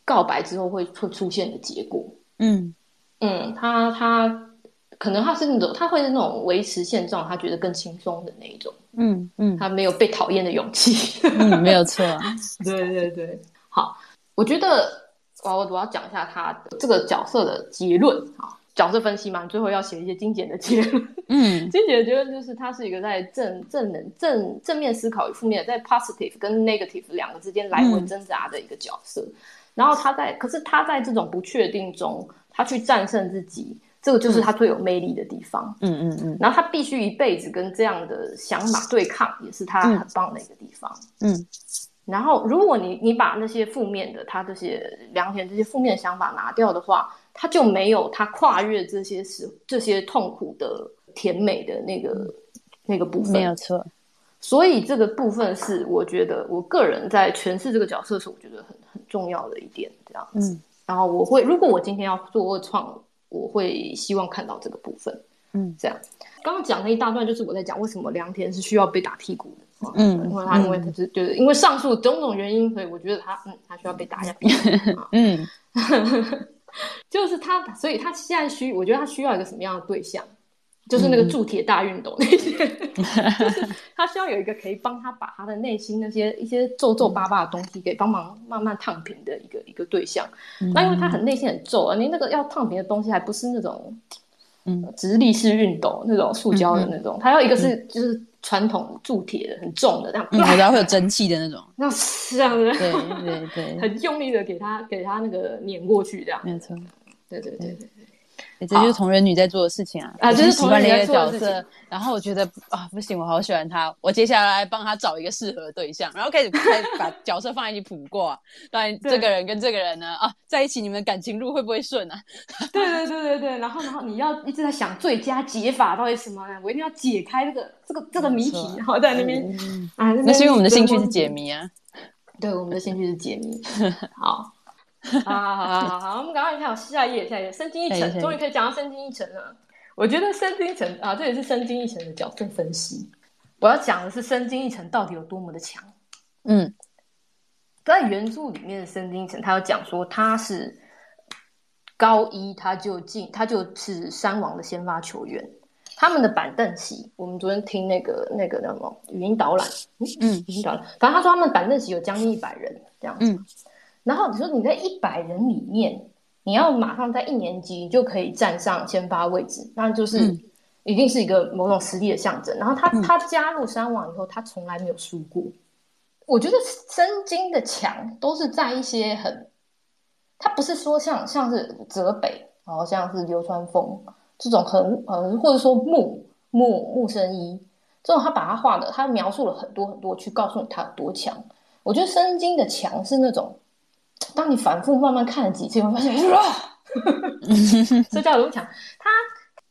告白之後會出現的結果。嗯嗯，他他可能他是那種他會是那種維持現狀，他覺得更輕鬆的那一種。嗯嗯，嗯他沒有被討厭的勇氣。嗯，沒有錯啊， *laughs* 對對對。好，我覺得我我我要講一下他這個角色的結論啊。角色分析嘛，你最後要寫一些精簡的結論。嗯，精簡的結論就是，他是一個在正正能正正面思考與負面在 positive 跟 negative 兩個之間來回掙扎的一個角色。嗯、然後他在，可是他在這種不確定中，他去戰勝自己，這個就是他最有魅力的地方。嗯，嗯嗯嗯。然後他必須一輩子跟這樣的想法對抗，也是他很棒的一個地方。嗯。嗯然後，如果你你把那些負面的，他這些良田這些負面想法拿掉的話。他就沒有他跨越，這些時這些痛苦的甜美的那個、嗯、那個部分，沒有錯。所以這個部分是我覺得我個人在詮釋這個角色的時候，我覺得很很重要的一點，這樣子。嗯、然後我會，如果我今天要做二創，我會希望看到這個部分，嗯，這樣。剛剛講那一大段就是我在講為什麼良田是需要被打屁股的，嗯、啊，因為他因為他是、嗯、就是因為上述種種原因，所以我覺得他嗯他需要被打一下屁股，嗯。啊嗯 *laughs* 就是他，所以他現在需，我覺得他需要一個什麼樣的對象？就是那個鑄鐵大熨斗，那些，嗯、 *laughs* 就是他需要有一個可以幫他把他的內心那些一些皺皺巴巴的東西，給幫忙慢慢燙平的一個一個對象。那、嗯、因為他很內心很皺啊，你那個要燙平的東西還不是那種，嗯呃、直立式熨斗那種塑膠的那種，他要、嗯、一個是就是。傳統鑄鐵的，很重的這樣，然後、嗯、對會有蒸汽的那種，那是這樣的，對對對， *laughs* 很用力的給它給它那個碾過去這樣，沒錯錯，對對對對。對這就是同人女在做的事情啊！好啊，就是喜歡的一個角色，然後我覺得啊，不行，我好喜歡他，我接下來幫他找一個適合的對象，然後開始，開始把角色放在一起補過、啊， *laughs* 當然，這個人跟這個人呢啊，在一起你們感情路會不會順呢、啊？對對對對對， *laughs* 然後然後你要一直在想最佳解法到底什麼？我一定要解開這個這個這個謎題，然後、啊、在那邊、嗯、啊，那邊。那是因為我們的興趣是解謎啊。對，我們的興趣是解謎， *laughs* 好。 *laughs* *laughs* 啊、好好好好，我們趕快一跳下一頁，下一頁，深津一成終於可以講到深津一成了。哎、我覺得深津一成啊，這也是深津一成的角色分、分析。嗯、我要講的是深津一成到底有多麼的強。嗯，在原著裡面的深津一成，他有講說他是高一他就進，他就是山王的先發球員。他們的板凳席，我們昨天聽那個那個什麼語音導覽、嗯，嗯嗯，語音導覽，反正他說他們板凳席有將近一百人這樣子。嗯然後你說你在一百人裡面，你要馬上在一年級就可以站上先發位置，那就是一定是一個某種實力的象徵。嗯、然後他他加入山王以後，他從來沒有輸過。我覺得深津的強都是在一些很，他不是說像像是澤北，然後像是流川楓這種很呃，或者說牧牧牧紳一這種，他把他畫的，他描述了很多很多，去告訴你他有多強。我覺得深津的強是那種。當你反覆慢慢看了幾次，你會發現，哇，這 *laughs* *laughs* *laughs* 叫如強。他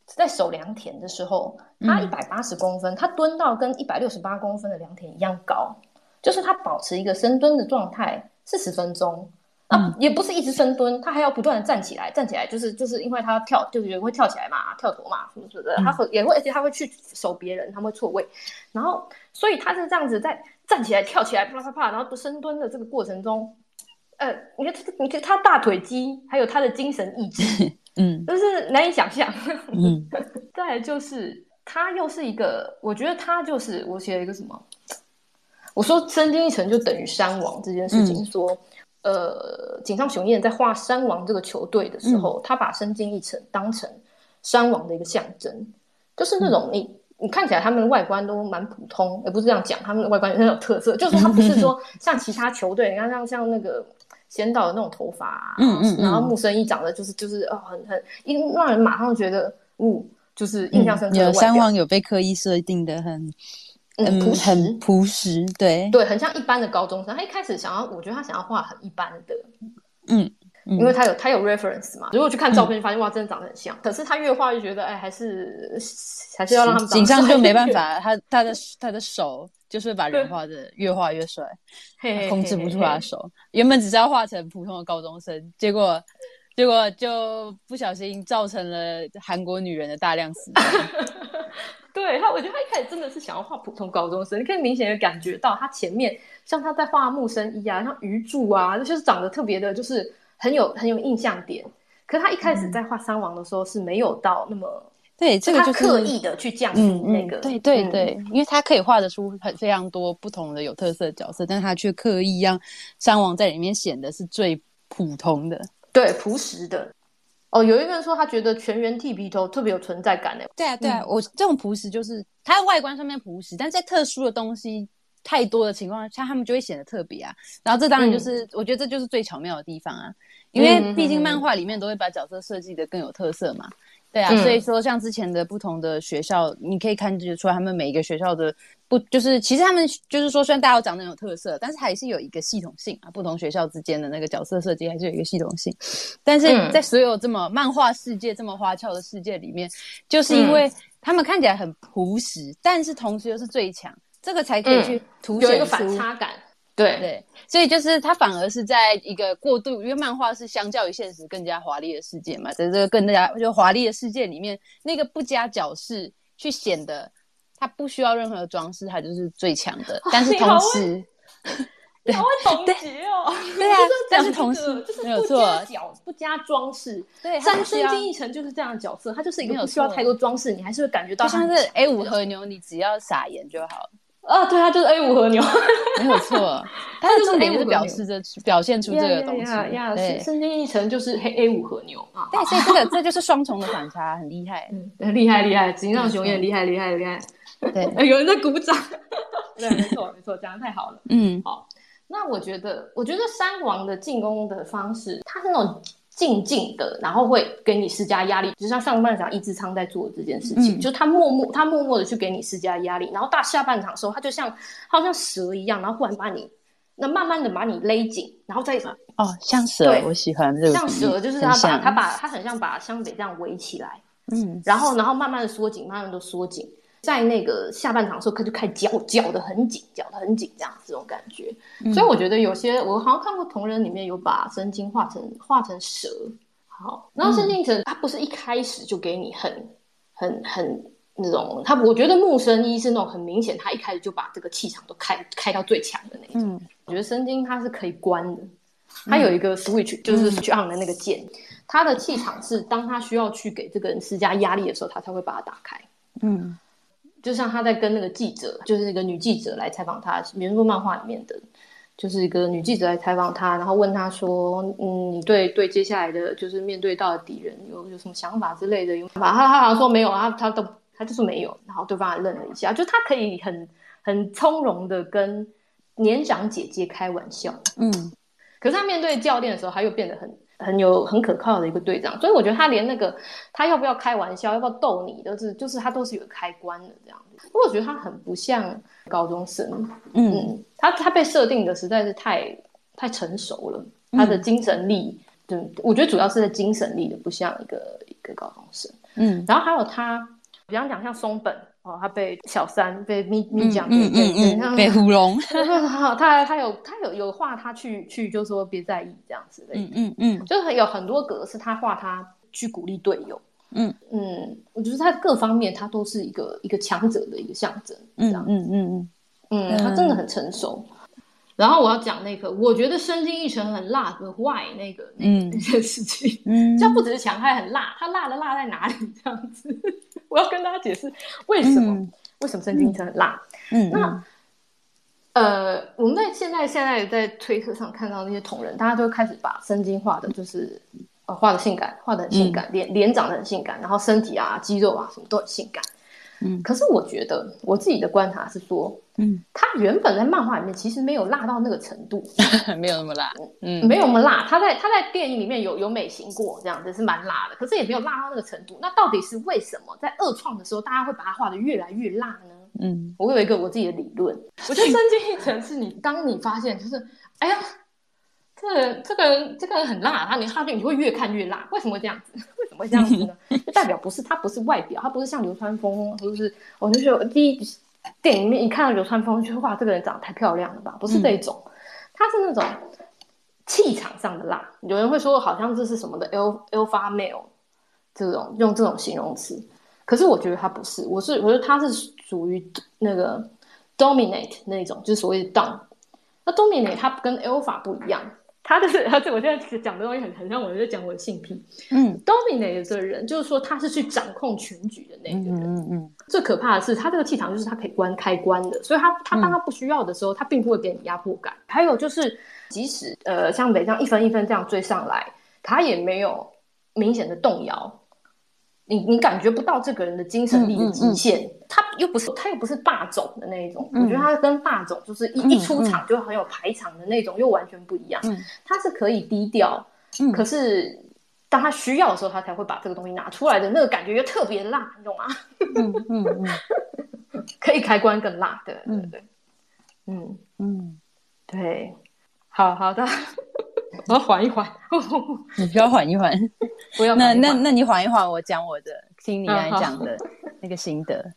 在守良田的時候，他一百八十公分，他蹲到跟一百六十八公分的良田一樣高，就是他保持一個深蹲的狀態四十分鐘。啊，也不是一直深蹲，他還要不斷的站起來，站起來就是就是因為他跳，就是會跳起來嘛，跳投嘛什麼之類的。他也會，而且他會去守別人，他會錯位。然後，所以他是這樣子在站起來、跳起來、啪啪啪，然後不深蹲的這個過程中。你看他，你看他大腿肌，還有他的精神意志， *laughs* 嗯，就是難以想象。嗯， *laughs* 再來就是，他又是一個，我覺得他就是我寫了一個什麼，我說深津一成就等於山王這件事情，嗯、說，呃，井上雄彥在畫山王這個球隊的時候，嗯、他把深津一成當成山王的一個象徵，嗯、就是那種你、嗯、你看起來他們的外觀都蠻普通，也、欸、不是這樣講，他們的外觀也很有特色，就是說他不是說像其他球隊， *laughs* 你看像像那個。剪到的那種頭髮、啊嗯，嗯嗯，然後牧紳一長得就是就是哦，很很一讓人馬上覺得，嗚、哦，就是、嗯、印象深刻，有山王有被刻意設定的很，嗯，嗯樸實，很樸實，對對，很像一般的高中生。他一開始想要，我覺得他想要畫很一般的，嗯，嗯因為他有他有 reference 嘛。如果去看照片，發現、嗯、哇，真的長得很像。可是他越畫越覺得，哎，還是還是要讓他們。緊張就沒辦法， *laughs* 他他的他的手。就是把人畫得越畫越帥，對控制不住他的手。嘿嘿嘿嘿，原本只是要畫成普通的高中生，結果結果就不小心造成了韓國女人的大量死亡 *laughs* 對他，我覺得他一開始真的是想要畫普通高中生，你可以明顯的感覺到他前面像他在畫牧紳一啊，像魚住啊，就是長得特別的，就是很有很有印象點。可是他一開始在畫山王的時候是沒有到那麼、嗯。對，這個就是他刻意的去降低那個嗯嗯。對對對，嗯、因為他可以畫得出很非常多不同的有特色的角色，但他卻刻意讓山王在裡面顯得是最普通的，對樸實的。哦，有一個人說他覺得全員剃鼻頭特別有存在感的、欸、對啊，對啊、嗯、我這種樸實就是他外觀上面樸實，但在特殊的東西太多的情況下，他們就會顯得特別啊。然後這當然就是、嗯、我覺得這就是最巧妙的地方啊，因為畢竟漫畫裡面都會把角色設計的更有特色嘛。對啊，所以說像之前的不同的學校，嗯、你可以看就出來他們每一個學校的不，就是其實他們就是說，雖然大家都長得很有特色，但是還是有一個系統性啊。不同學校之間的那個角色設計還是有一個系統性，但是在所有這麼漫畫世界、嗯、這麼花俏的世界裡面，就是因為他們看起來很樸實，嗯、但是同時又是最強，這個才可以去凸顯、嗯、有一個反差感。對對，所以就是他反而是在一個過渡，因為漫畫是相較於現實更加華麗的世界嘛，在、就是、這個更加就華麗的世界裡面，那個不加角飾去顯得它不需要任何裝飾，它就是最強的。但是同時，啊、好簡潔哦，對啊，但是同時沒有錯、啊，角不加裝飾，對，深津一成就是這樣的角色，他就是裡面有需要太多裝飾，啊、你還是會感覺到像是 A5 和牛，你只要撒鹽就好。啊，對啊，就是 A 五和牛，沒有錯，它就是 A 五，是表示著表現出這個東西，對，深津一成就是黑 A 五和牛啊，對，所以這個這就是雙重的反差，很厲害，厲害厲害，井上雄彥厲害，厲害厲害，對，有人在鼓掌，沒錯沒錯，講的太好了，嗯，好，那我覺得，我覺得山王的進攻的方式，它是那種。靜靜的，然後會給你施加壓力，就像上半場一之倉在做的這件事情，嗯、就他默默，他默默的去給你施加壓力，然後到下半場的時候，他就像他好像蛇一樣，然後忽然把你那慢慢的把你勒緊，然後再哦，像蛇，對我喜歡這個，像蛇就是他把像他把它很像把湘北這樣圍起來，嗯，然後然後慢慢的縮緊，慢慢的縮緊。在那個下半場的時候，他就開始絞攪的很緊，絞的很緊，這樣這種感覺。嗯、所以我覺得有些我好像看過同人裡面有把深津畫成畫成蛇。好，然後深津城、嗯、它不是一開始就給你很很很那種，他我覺得牧紳一是那種很明顯，他一開始就把這個氣場都開開到最強的那種。嗯、我覺得深津它是可以關的，它有一個 switch，、嗯、就是去按的那個鍵，他的氣場是當他需要去給這個人施加壓力的時候，他才會把它打開。嗯。就像他在跟那個記者，就是一個女記者來採訪他，原作漫畫裡面的，就是一個女記者來採訪他，然後問他說：“嗯，你對對接下來的，就是面對到的敵人有有什麼想法之類的？”有，他他好像說沒有啊，他都他，他就是沒有，然後對方也愣了一下，就他可以很很從容的跟年長姐姐開玩笑，嗯，可是他面對教練的時候，他又變得很。很有很可靠的一個隊長，所以我覺得他連那個他要不要開玩笑，要不要逗你，都是就是他都是有開關的這樣子。不過我覺得他很不像高中生，嗯，嗯，他他被設定的實在是太太成熟了，他的精神力，就，嗯，我覺得主要是在精神力的，不像一個一個高中生，嗯，然後還有他，比方講像松本。哦，他被小三被咪咪講，嗯嗯嗯，被糊蓉。他他有他有有畫他去去就說別在意這樣子的，嗯嗯嗯，就是有很多格是他畫他去鼓勵隊友，嗯嗯，我覺得他各方面他都是一個一個強者的一個象徵，這樣，嗯嗯嗯，他真的很成熟。然後我要講那個，我覺得《深津一成》很辣和 Why 那個那件事情，嗯，就不只是強，他很辣，他辣的辣在哪裡這樣子。我要跟大家解釋為什麼、嗯、為什麼深津真的很辣。嗯，那嗯呃，我們在現在現在在推特上看到那些同人，大家都開始把深津畫的，就是、嗯、呃，畫的性感，畫的很性感，臉臉、嗯、長得很性感，然後身體啊、肌肉啊什麼都很性感。可是我覺得我自己的觀察是說，嗯，他原本在漫畫裡面其實沒有辣到那個程度，沒有那麼辣，嗯，沒有那麼辣。他在他在電影裡面有有美型過這樣子是蠻辣的，可是也沒有辣到那個程度。嗯，那到底是為什麼在二創的時候大家會把他畫得越來越辣呢？嗯，我有一個我自己的理論，是我覺得深津一成是你當你發現就是，哎呀。這這個人，這個人很辣，他後你下去，你會越看越辣。為什麼會這樣子？為什麼會這樣子呢？ *laughs* 就代表不是他，不是外表，他不是像流川楓，或、就、者是我就覺得第一電影裡面一看到流川楓，就是哇，這個人長得太漂亮了吧？不是這一種，他、嗯、是那種氣場上的辣。有人會說，好像這是什麼的？L Al Alpha male 這種用這種形容詞，可是我覺得他不是，我是我覺得他是屬於那個 dominate 那一種，就是所謂的 d u 當那 dominate，它跟 Alpha 不一樣。他就是，而且我現在講的東西很很像，我就講我的性癖。嗯，dominate 的這個人就是說他是去掌控全局的那個人。嗯嗯嗯。嗯嗯最可怕的是，他這個氣場就是他可以關開關的，所以他他當他不需要的時候，嗯、他並不會給你壓迫感。還有就是，即使呃像北這樣一分一分這樣追上來，他也沒有明顯的動搖。你你感覺不到這個人的精神力的極限，他、嗯嗯嗯、又不是他又不是霸總的那一種，嗯、我覺得他跟霸總就是一、嗯嗯、一出場就很有排場的那種，又完全不一樣。他、嗯、是可以低調，嗯、可是當他需要的時候，他才會把這個東西拿出來的，那個感覺又特別辣，你懂嗎？ *laughs* 嗯嗯嗯、 *laughs* 可以開關更辣，對對對，嗯嗯，嗯對。好好的，我要緩一緩， *laughs* 你不要緩一緩，不用。 *laughs* 那那那你緩一緩，我講我的，聽你剛才講的那個心得。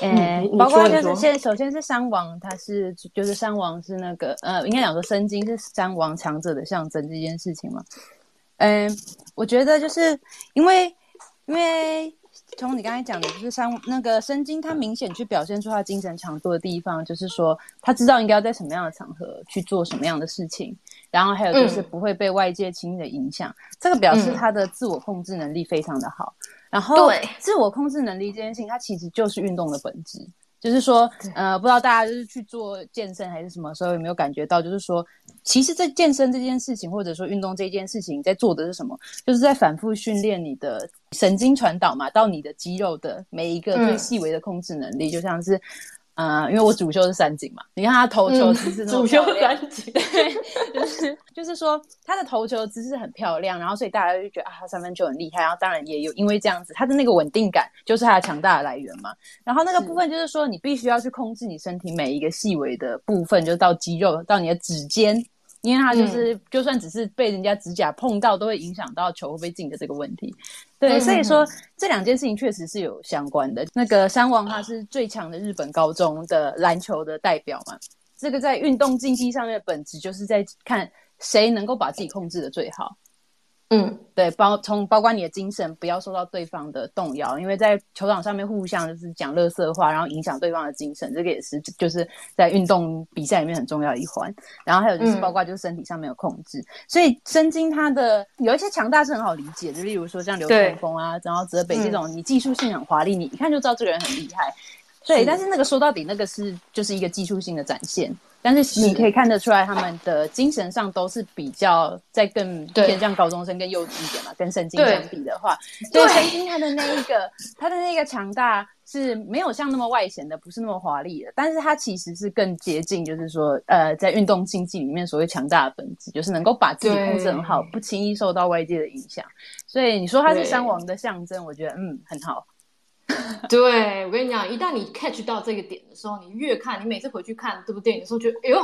嗯，包括就是先，首先是山王，他是就是山王是那個呃，應該兩個聖經是山王強者的象徵這件事情嘛。嗯、欸，我覺得就是因為因為。從你剛才講的，就是深那個深津，他明顯去表現出他精神強度的地方，就是說他知道應該要在什麼樣的場合去做什麼樣的事情，然後還有就是不會被外界輕易的影響，這個表示他的自我控制能力非常的好。然後，自我控制能力這件事情，它其實就是運動的本質。就是說，呃，不知道大家就是去做健身還是什麼時候，有沒有感覺到，就是說，其實在健身這件事情，或者說運動這件事情，在做的是什麼，就是在反覆訓練你的神經傳導嘛，到你的肌肉的每一個最細微的控制能力，嗯、就像是。嗯、呃，因為我主修是三井嘛，你看他投球姿勢、嗯，姿主修三井，對、就是、 *laughs* 就是、就是說他的投球姿勢很漂亮，然後所以大家就覺得啊，他三分球很厲害，然後當然也有因為這樣子，他的那個穩定感就是他的強大的來源嘛。然後那個部分就是說，是你必須要去控制你身體每一個細微的部分，就是、到肌肉到你的指尖。因為他就是，就算只是被人家指甲碰到，都會影響到球會被進的這個問題，對、嗯。對，所以說這兩件事情確實是有相關的。那個山王他是最強的日本高中的籃球的代表嘛，這個在運動競技上面的本質就是在看誰能夠把自己控制的最好、嗯。嗯嗯嗯，對，包從包括你的精神不要受到對方的動搖，因為在球場上面互相就是講垃圾話，然後影響對方的精神，這個也是、就是、就是在運動比賽裡面很重要的一環。然後還有就是包括就是身體上面的控制，嗯、所以深津他的有一些強大是很好理解的，就例如說像流川楓啊、對然後澤北這種，嗯、你技術性很華麗，你一看就知道這個人很厲害。對，是但是那個說到底那個是就是一個技術性的展現。但是你可以看得出來，他們的精神上都是比較在更偏向高中生，更幼稚一點嘛。對跟深津相比的話，對深津他的那一個， *laughs* 他的那個強大是沒有像那麼外顯的，不是那麼華麗的。但是它其實是更接近，就是說，呃，在運動競技裡面所謂強大的本質，就是能夠把自己控制很好，對不輕易受到外界的影響。所以你說它是山王的象徵，對我覺得嗯很好。 *laughs* 對我跟你講，一旦你 catch 到這個點的時候，你越看，你每次回去看這部電影的時候就，就哎呦，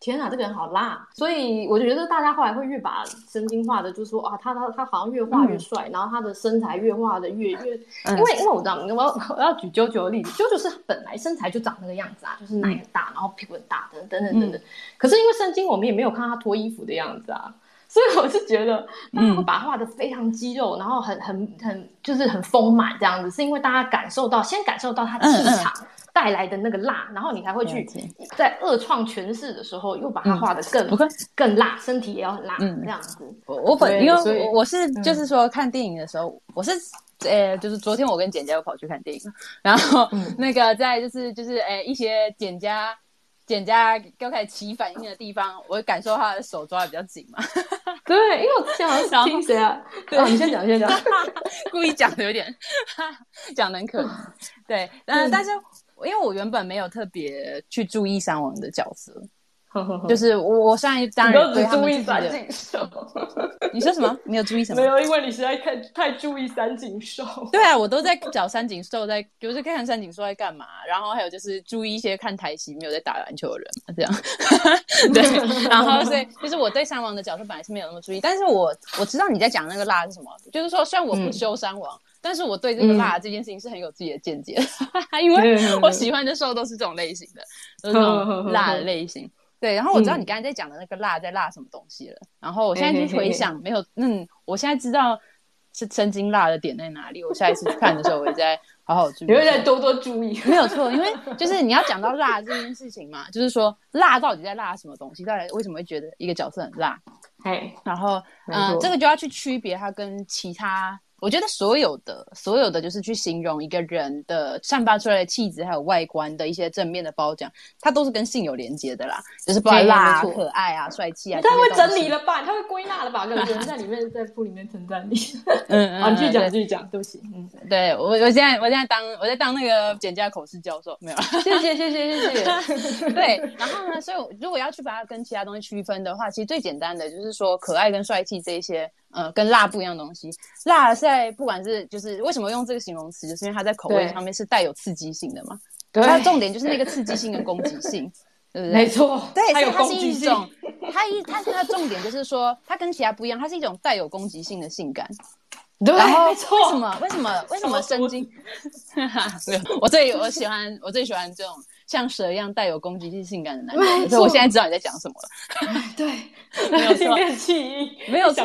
天啊，這個人好辣！所以我就覺得大家後來會越把深津畫的，就是說啊，他他他好像越畫越帥，嗯、然後他的身材越畫的越越，嗯、因為因為我知道，我我要舉 JoJo 的例子，JoJo *laughs* 是本來身材就長那個樣子啊，就是奶很大，然後屁股很大等等等等，嗯、可是因為深津我們也沒有看到他脫衣服的樣子啊。所以我是覺得，他會把它畫的非常肌肉，嗯、然後很很很，就是很豐滿這樣子，是因為大家感受到，先感受到他氣場帶來的那個辣，嗯、然後你才會去、嗯、在二創詮釋的時候，又把它畫的更、嗯、更辣，身體也要很辣，嗯、這樣子。我，我本以因為我是就是說看電影的時候，嗯、我是呃、欸，就是昨天我跟減加又跑去看電影，然後那個在就是、嗯、就是哎、欸、一些減加。人家剛開始起反應的地方，我感受他的手抓的比較緊嘛？ *laughs* 對，因為我之前好像聽誰啊？ *laughs* 對、哦，你先講，先講， *laughs* 故意講的有點講很可。 *laughs* 對，但是 *laughs* 因為我原本沒有特別去注意山王的角色。就是我，我上一當然注意三井壽，你說什麼，你有注意什麼？沒有，因為你實在太太注意三井壽。 *laughs* 對啊，我都在找三井壽，在就是看三井壽在幹嘛。然後還有就是注意一些看台席沒有在打籃球的人這樣。 *laughs* 對，然後所以就是我對山王的角色本來是沒有那麼注意，但是我我知道你在講那個辣是什麼，就是說，雖然我不修山王，嗯、但是我對這個辣這件事情是很有自己的見解的，嗯、因為我喜歡的受都是這種類型的，就是那種辣類型。對，然後我知道你剛才在講的那個辣在辣什麼東西了。嗯、然後我現在去回想，嘿嘿嘿沒有，嗯，我現在知道是曾經辣的點在哪裡。我下一次去看的時候，我也在好好注意，你會在多多注意，沒有錯。因為就是你要講到辣這件事情嘛， *laughs* 就是說辣到底在辣什麼東西，到底為什麼會覺得一個角色很辣？哎嘿，然後嗯錯、呃，這個就要去區別它跟其他。我覺得所有的、所有的，就是去形容一個人的散發出來的氣質，還有外觀的一些正面的褒獎，它都是跟性有連接的啦，就是不知道、吧可愛啊、帥氣啊。他會整理了吧？他會歸納了吧？可能在裡面 *laughs* 在鋪裡面承擔你。 *laughs* 嗯嗯，好，你繼續講，繼續講，對不起。嗯， *laughs* 啊、對我對，我現在我現在當我在當那個減加口試教授，沒有， *laughs* 謝謝，謝謝，謝謝。 *laughs* 對，然後呢？所以如果要去把它跟其他東西區分的話，其實最簡單的就是說可愛跟帥氣這一些。呃，跟辣不一樣的東西，辣在不管是就是為什麼用這個形容詞，就是因為它在口味上面是帶有刺激性的嘛。對它的重點就是那個刺激性跟攻擊性，對不對？沒錯，對，它是一種，它一它它的重點就是說它跟其他不一樣，它是一種帶有攻擊性的性感。對，後沒錯錯。為什麼？為什麼？為什麼生津我？神經？我最我喜歡我最喜歡這種。像蛇一樣帶有攻擊性、性感的男人，對錯，我現在知道你在講什麼了。嗯、對， *laughs* 沒有變錯氣， *laughs* 因沒有錯。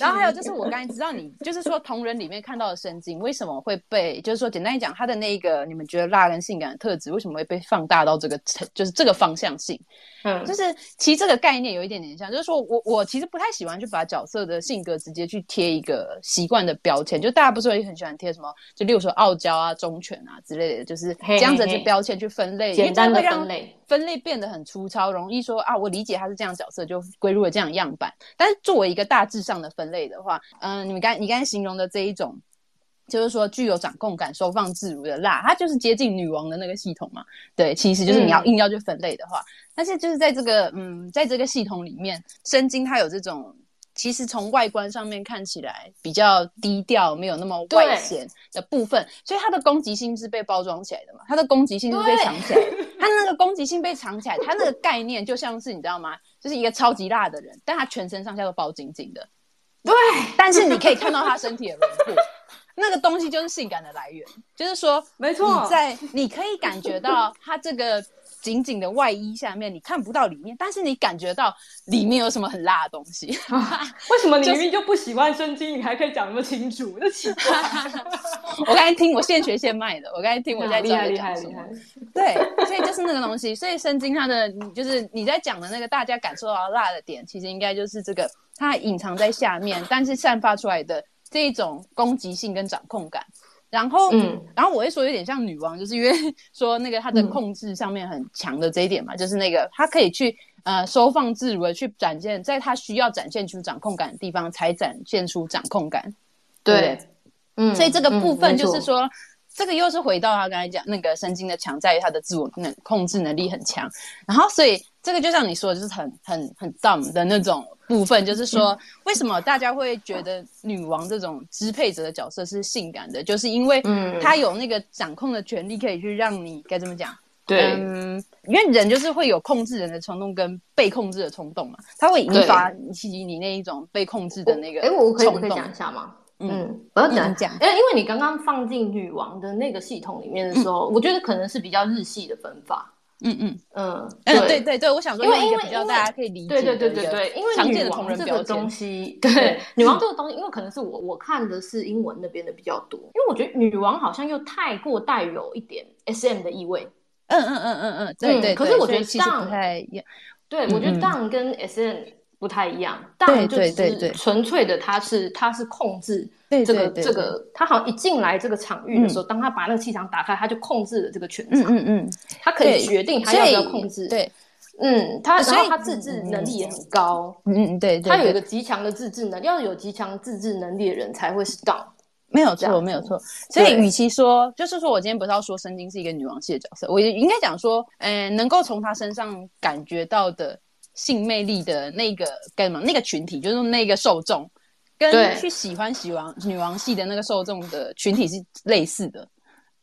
然後還有就是，我剛才知道你 *laughs* 就是說，同人裡面看到的神經為什麼會被，就是說，簡單一講，他的那個你們覺得辣跟性感的特質，為什麼會被放大到這個，就是這個方向性？嗯，就是其實這個概念有一點點像，就是說我我其實不太喜歡去把角色的性格直接去貼一個習慣的標籤，就大家不是會很喜歡貼什麼，就例如說傲嬌啊、忠犬啊之類的，就是這樣子的標籤去分類。嘿嘿然後分類，讓分類變得很粗糙，容易說啊，我理解他是這樣角色，就歸入了這樣樣板。但是作為一個大致上的分類的話，嗯、呃，你們剛你剛才形容的這一種，就是說具有掌控感、收放自如的啦，它就是接近女王的那個系統嘛。對，其實就是你要硬要去分類的話，嗯、但是就是在這個嗯，在這個系統裡面，深津它有這種。其實從外觀上面看起來比較低調，沒有那麼外顯的部分，對所以它的攻擊性是被包裝起來的嘛？它的攻擊性是被藏起來，它對那個攻擊性被藏起來，它那個概念就像是你知道嗎？就是一個超級辣的人，但他全身上下都包緊緊的，對。但是你可以看到他身體的輪廓， *laughs* 那個東西就是性感的來源，就是說，沒錯錯，在你可以感覺到他這個。緊緊的外衣下面，你看不到裡面，但是你感覺到裡面有什麼很辣的東西。啊、為什麼你明明就不喜歡深津，你還可以講那麼清楚？就 *laughs* 我剛才聽，我現學現賣的。我剛才聽我在這裡講對，所以就是那個東西。所以深津它，的就是你在講的那個大家感受到的辣的點，其實應該就是這個，它隱藏在下面，但是散發出來的這一種攻擊性跟掌控感。然後，嗯，然後我會說有點像女王，就是因為說那個她的控制上面很強的這一點嘛，嗯、就是那個她可以去呃收放自如的去展現，在她需要展現出掌控感的地方才展現出掌控感。對，對，嗯，所以這個部分就是說，嗯、這個又是回到他剛才講那個神經的強，在於他的自我能控制能力很強。然後，所以這個就像你說的，就是很很很 dumb 的那種。部分就是說，為什麼大家會覺得女王這種支配者的角色是性感的？就是因為她有那個掌控的權力，可以去讓你該怎麼講？對、嗯，嗯、因為人就是會有控制人的衝動跟被控制的衝動嘛，他會引發起你那一種被控制的那個。哎、欸，我可以我可以講一下嗎？嗯，嗯我要講講。哎，因為你剛剛放進女王的那個系統裡面的時候，嗯、我覺得可能是比較日系的分法。嗯嗯嗯，對，對對對，我想說比較，因為因為因為大家可以理解對對對對對，常見的同人表這個東西，對、嗯、女王這個東西，因為可能是我我看的是英文那邊的比較多，因為我覺得女王好像又太過帶有一點 SM 的意味，嗯嗯嗯嗯嗯，對，對，對可是我覺得所以 down 一、嗯嗯、對，我覺得 down 跟 SM 嗯嗯。不太一樣，但就是純粹的，他是他是控制這個這個，他好像一進來這個場域的時候，當他把那個氣場打開，他就控制了這個全場。嗯嗯他可以決定他要不要控制。對，嗯，他然後他自製能力也很高。嗯嗯對，他有一個極強的自製能力，要有極強自製能力的人才會是道。沒有錯，沒有錯。所以與其說，就是說我今天不是要說深津是一個女王系的角色，我應該講說，嗯，能夠從他身上感覺到的。性魅力的那個幹嘛？那個群體就是那個受眾，跟去喜歡喜王女王系的那個受眾的群體是類似的，似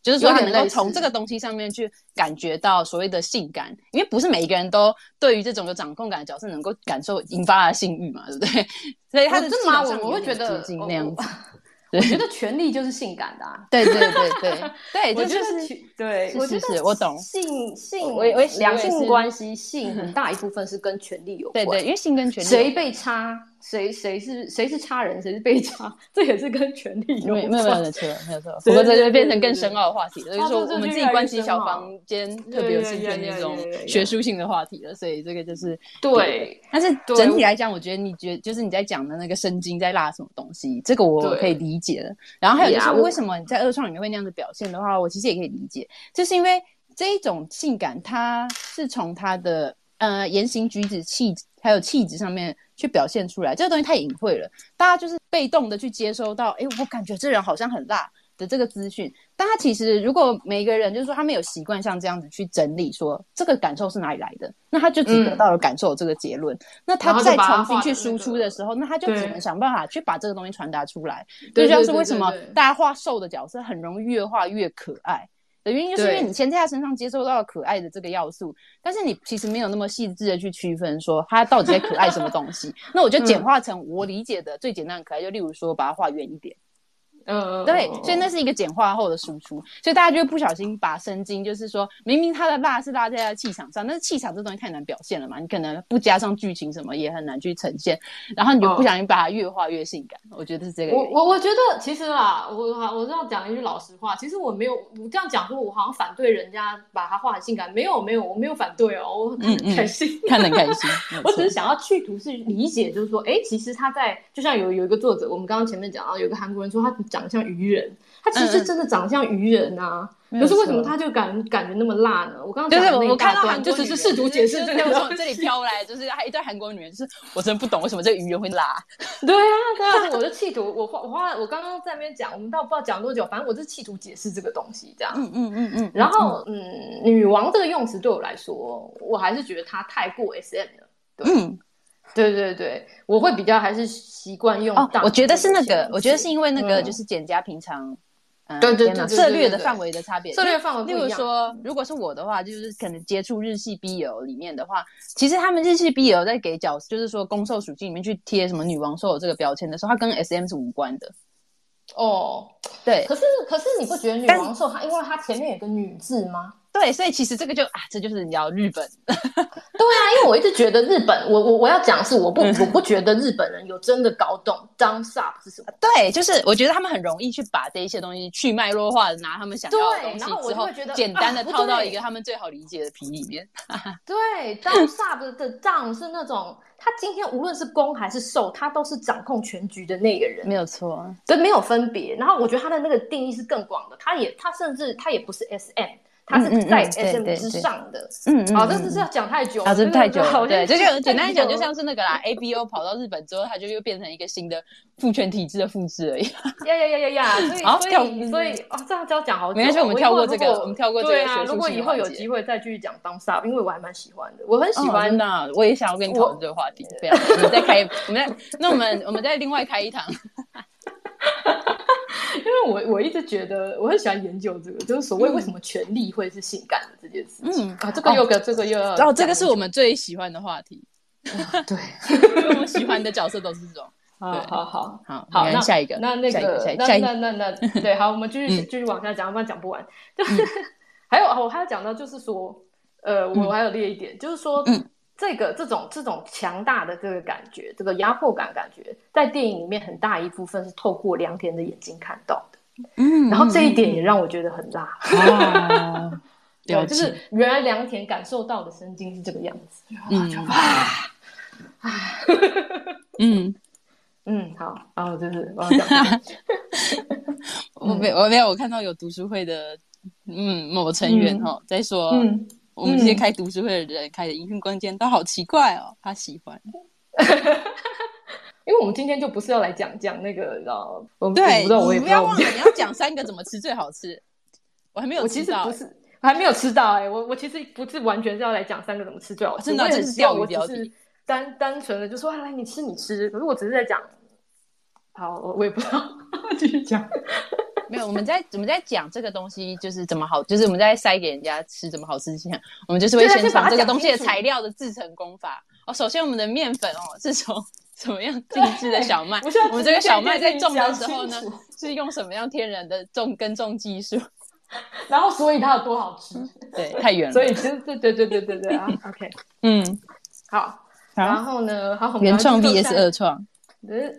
就是說他能夠從這個東西上面去感覺到所謂的性感，因為不是每一個人都對於這種有掌控感的角色能夠感受引發的性欲嘛，對不對？所以他是這麼，我我會覺得、覺得、哦、那樣子。我覺得權力就是性感的，啊，對對對對， *laughs* 對，對我就是對，我就是，姓我懂性性，我我兩性關係，性很大一部分是跟權力有關，對，對對，因為性跟權力誰被插。誰誰是誰是插人，誰是被插？這也是跟權力， *laughs* 沒有沒有沒有錯，沒有錯。對對對，我們這就變成更深奧的話題了。我們自己關係小房間，特別有性趣那種學術性的話題了。所以這個就是對，對，對，對，對，對。但是整體來講，我覺得你覺得就是你在講的那個神經在拉什麼東西，這個我可以理解了。對然後還有就是為什麼你在二創裡面會那樣子表現的話，我其實也可以理解，就是因為這一種性感，它是從它的呃言行舉止氣。還有氣質上面去表現出來，這個東西太隱晦了，大家就是被動的去接收到，哎、欸，我感覺這人好像很辣的這個資訊。但他其實如果每一個人就是說他沒有習慣像這樣子去整理，說這個感受是哪裡來的，那他就只得到了感受這個結論。嗯、那他再重新去輸出的時候，他那個、那他就只能想辦法去把這個東西傳達出來。這就像是為什麼大家畫瘦的角色，很容易越畫越可愛。的原因就是因為你先在他身上接受到了可愛的這個要素，對但是你其實沒有那麼細緻的去區分說他到底在可愛什麼東西。 *laughs* 那我就簡化成我理解的最簡單的可愛，嗯、就例如說把他畫圓一點。嗯，uh, 對，所以那是一個簡化後的輸出，所以大家就不小心把聲經，就是說明明他的辣是辣在，在氣場上，但是氣場這東西太難表現了嘛，你可能不加上劇情什麼也很難去呈現，然後你就不小心把它越畫越性感，我覺得是這個。我我我覺得其實啦，我我是要講一句老實話，其實我沒有我這樣講說，我好像反對人家把它畫很性感，沒有沒有，我沒有反對哦，我很開心，嗯嗯看很開心， *laughs* 我只是想要去圖是理解，就是說，哎，其實他在就像有有一個作者，我們剛剛前面講到有個韓國人說他講。長得像魚人，他其實真的長得像魚人啊。嗯、可是為什麼他就敢感，感覺那麼辣呢？我剛剛就是我看到你就只是試圖解釋這個，這裡飄來，就是還一對韓國女人，就是我真的不懂為什麼這個魚人會辣、啊。 *laughs* 對啊，對啊， *laughs* 是我是企圖我花花我，我剛剛在那邊講，我們到不，不知道講多久，反正我是企圖解釋這個東西這樣。嗯嗯嗯嗯。嗯嗯然後嗯，嗯女王這個用詞對我來說，我還是覺得她太過 SM 了。對嗯。對對對，我會比較還是習慣用。哦，我覺得是那個，我覺得是因為那個就是減加平常，對對對策略的範圍的差別，策略範圍比例如說，如果是我的話，就是可能接觸日系 BL 裡面的話，其實他們日系 BL 在給角，就是說攻受屬性裡面去貼什麼“女王受”這個標籤的時候，它跟 S M 是無關的。哦，對。可是可是你不覺得“女王受”它因為它前面有個“女”字嗎？對，所以其實這個就啊，這就是你要日本的。 *laughs* 對啊，因為我一直覺得日本，我我我要講的是，我不我不覺得日本人有真的搞懂 *laughs* Dom sub 是什麼。對，就是我覺得他們很容易去把這一些東西去脈絡化的拿他們想要的東西，然後我就會覺得簡單的套到一個他們最好理解的皮裡面。啊、對， *laughs* 對，Dom sub 的 Dom 是那種他今天無論是攻還是受，他都是掌控全局的那個人。沒有錯，對，沒有分別。然後我覺得他的那個定義是更廣的，他也他甚至他也不是 SM。它是在 SM 之上的，嗯，好，這次是要講太久，講不太久，對，這就簡單一講，就像是那個啦，ABO 跑到日本之後，它就又變成一個新的父權體制的複製而已。呀呀呀呀呀！所以所以所以哦，這樣就要講好久。沒關係，我們跳過這個，我們跳過這個。如果以後有機會再繼續講當沙，因為我還蠻喜歡的，我很喜歡的，我也想要跟你討論這個話題。我們再開，我們再，那我們我們再另外開一堂。因為我我一直覺得我很喜歡研究這個，就是所謂為什麼權力會是性感的這件事情。嗯啊，這個又要這個又要哦，這個是我們最喜歡的話題。對，我們喜歡的角色都是這種。好好好，好，那下一個，那那個，那那那那對，好，我們繼續繼續往下講，要不然講不完。就是還有哦，我還要講到，就是說，呃，我還有列一點，就是說。這個這種這種強大的這個感覺，這個壓迫感感覺，在電影裡面很大一部分是透過良田的眼睛看到的。嗯，然後這一點也讓我覺得很辣。對，就是原來良田感受到的深津是這個樣子。嗯，哇部、啊！哎，嗯嗯，好，然後就是我講，我沒我沒有我看到有讀書會的嗯某成員哈、哦嗯、在說。嗯我們這些開讀書會的人、嗯、開的語音空間都好奇怪哦，他喜歡， *laughs* 因為我們今天就不是要來講講那個，你知道嗎？我對，不，不要忘了你要講三個怎麼吃最好吃。 *laughs* 我還沒有、欸，我其實不是，我還沒有吃到哎、欸，我我其實不是完全是要來講三個怎麼吃最好吃，啊，真的，啊就是釣魚，只是單單純的就是說來你吃你吃，可是我只是在講，好，我我也不知道，繼續講。 *laughs* *laughs* 沒有，我們在怎麼在講這個東西，就是怎麼好，就是我們在塞給人家吃怎麼好吃？這樣，我們就是會先講這個東西的材料的製程工法哦。首先，我們的麵粉哦是從怎麼樣精緻的小麥，對我們這個小麥在種的時候呢，是用什麼樣天然的種耕種技術？ *laughs* 然後，所以它有多好吃？ *laughs* 對，太遠了。所以其實對對對對對對 *laughs* 啊，OK，嗯，好，然後呢，好，原創 VS 二創。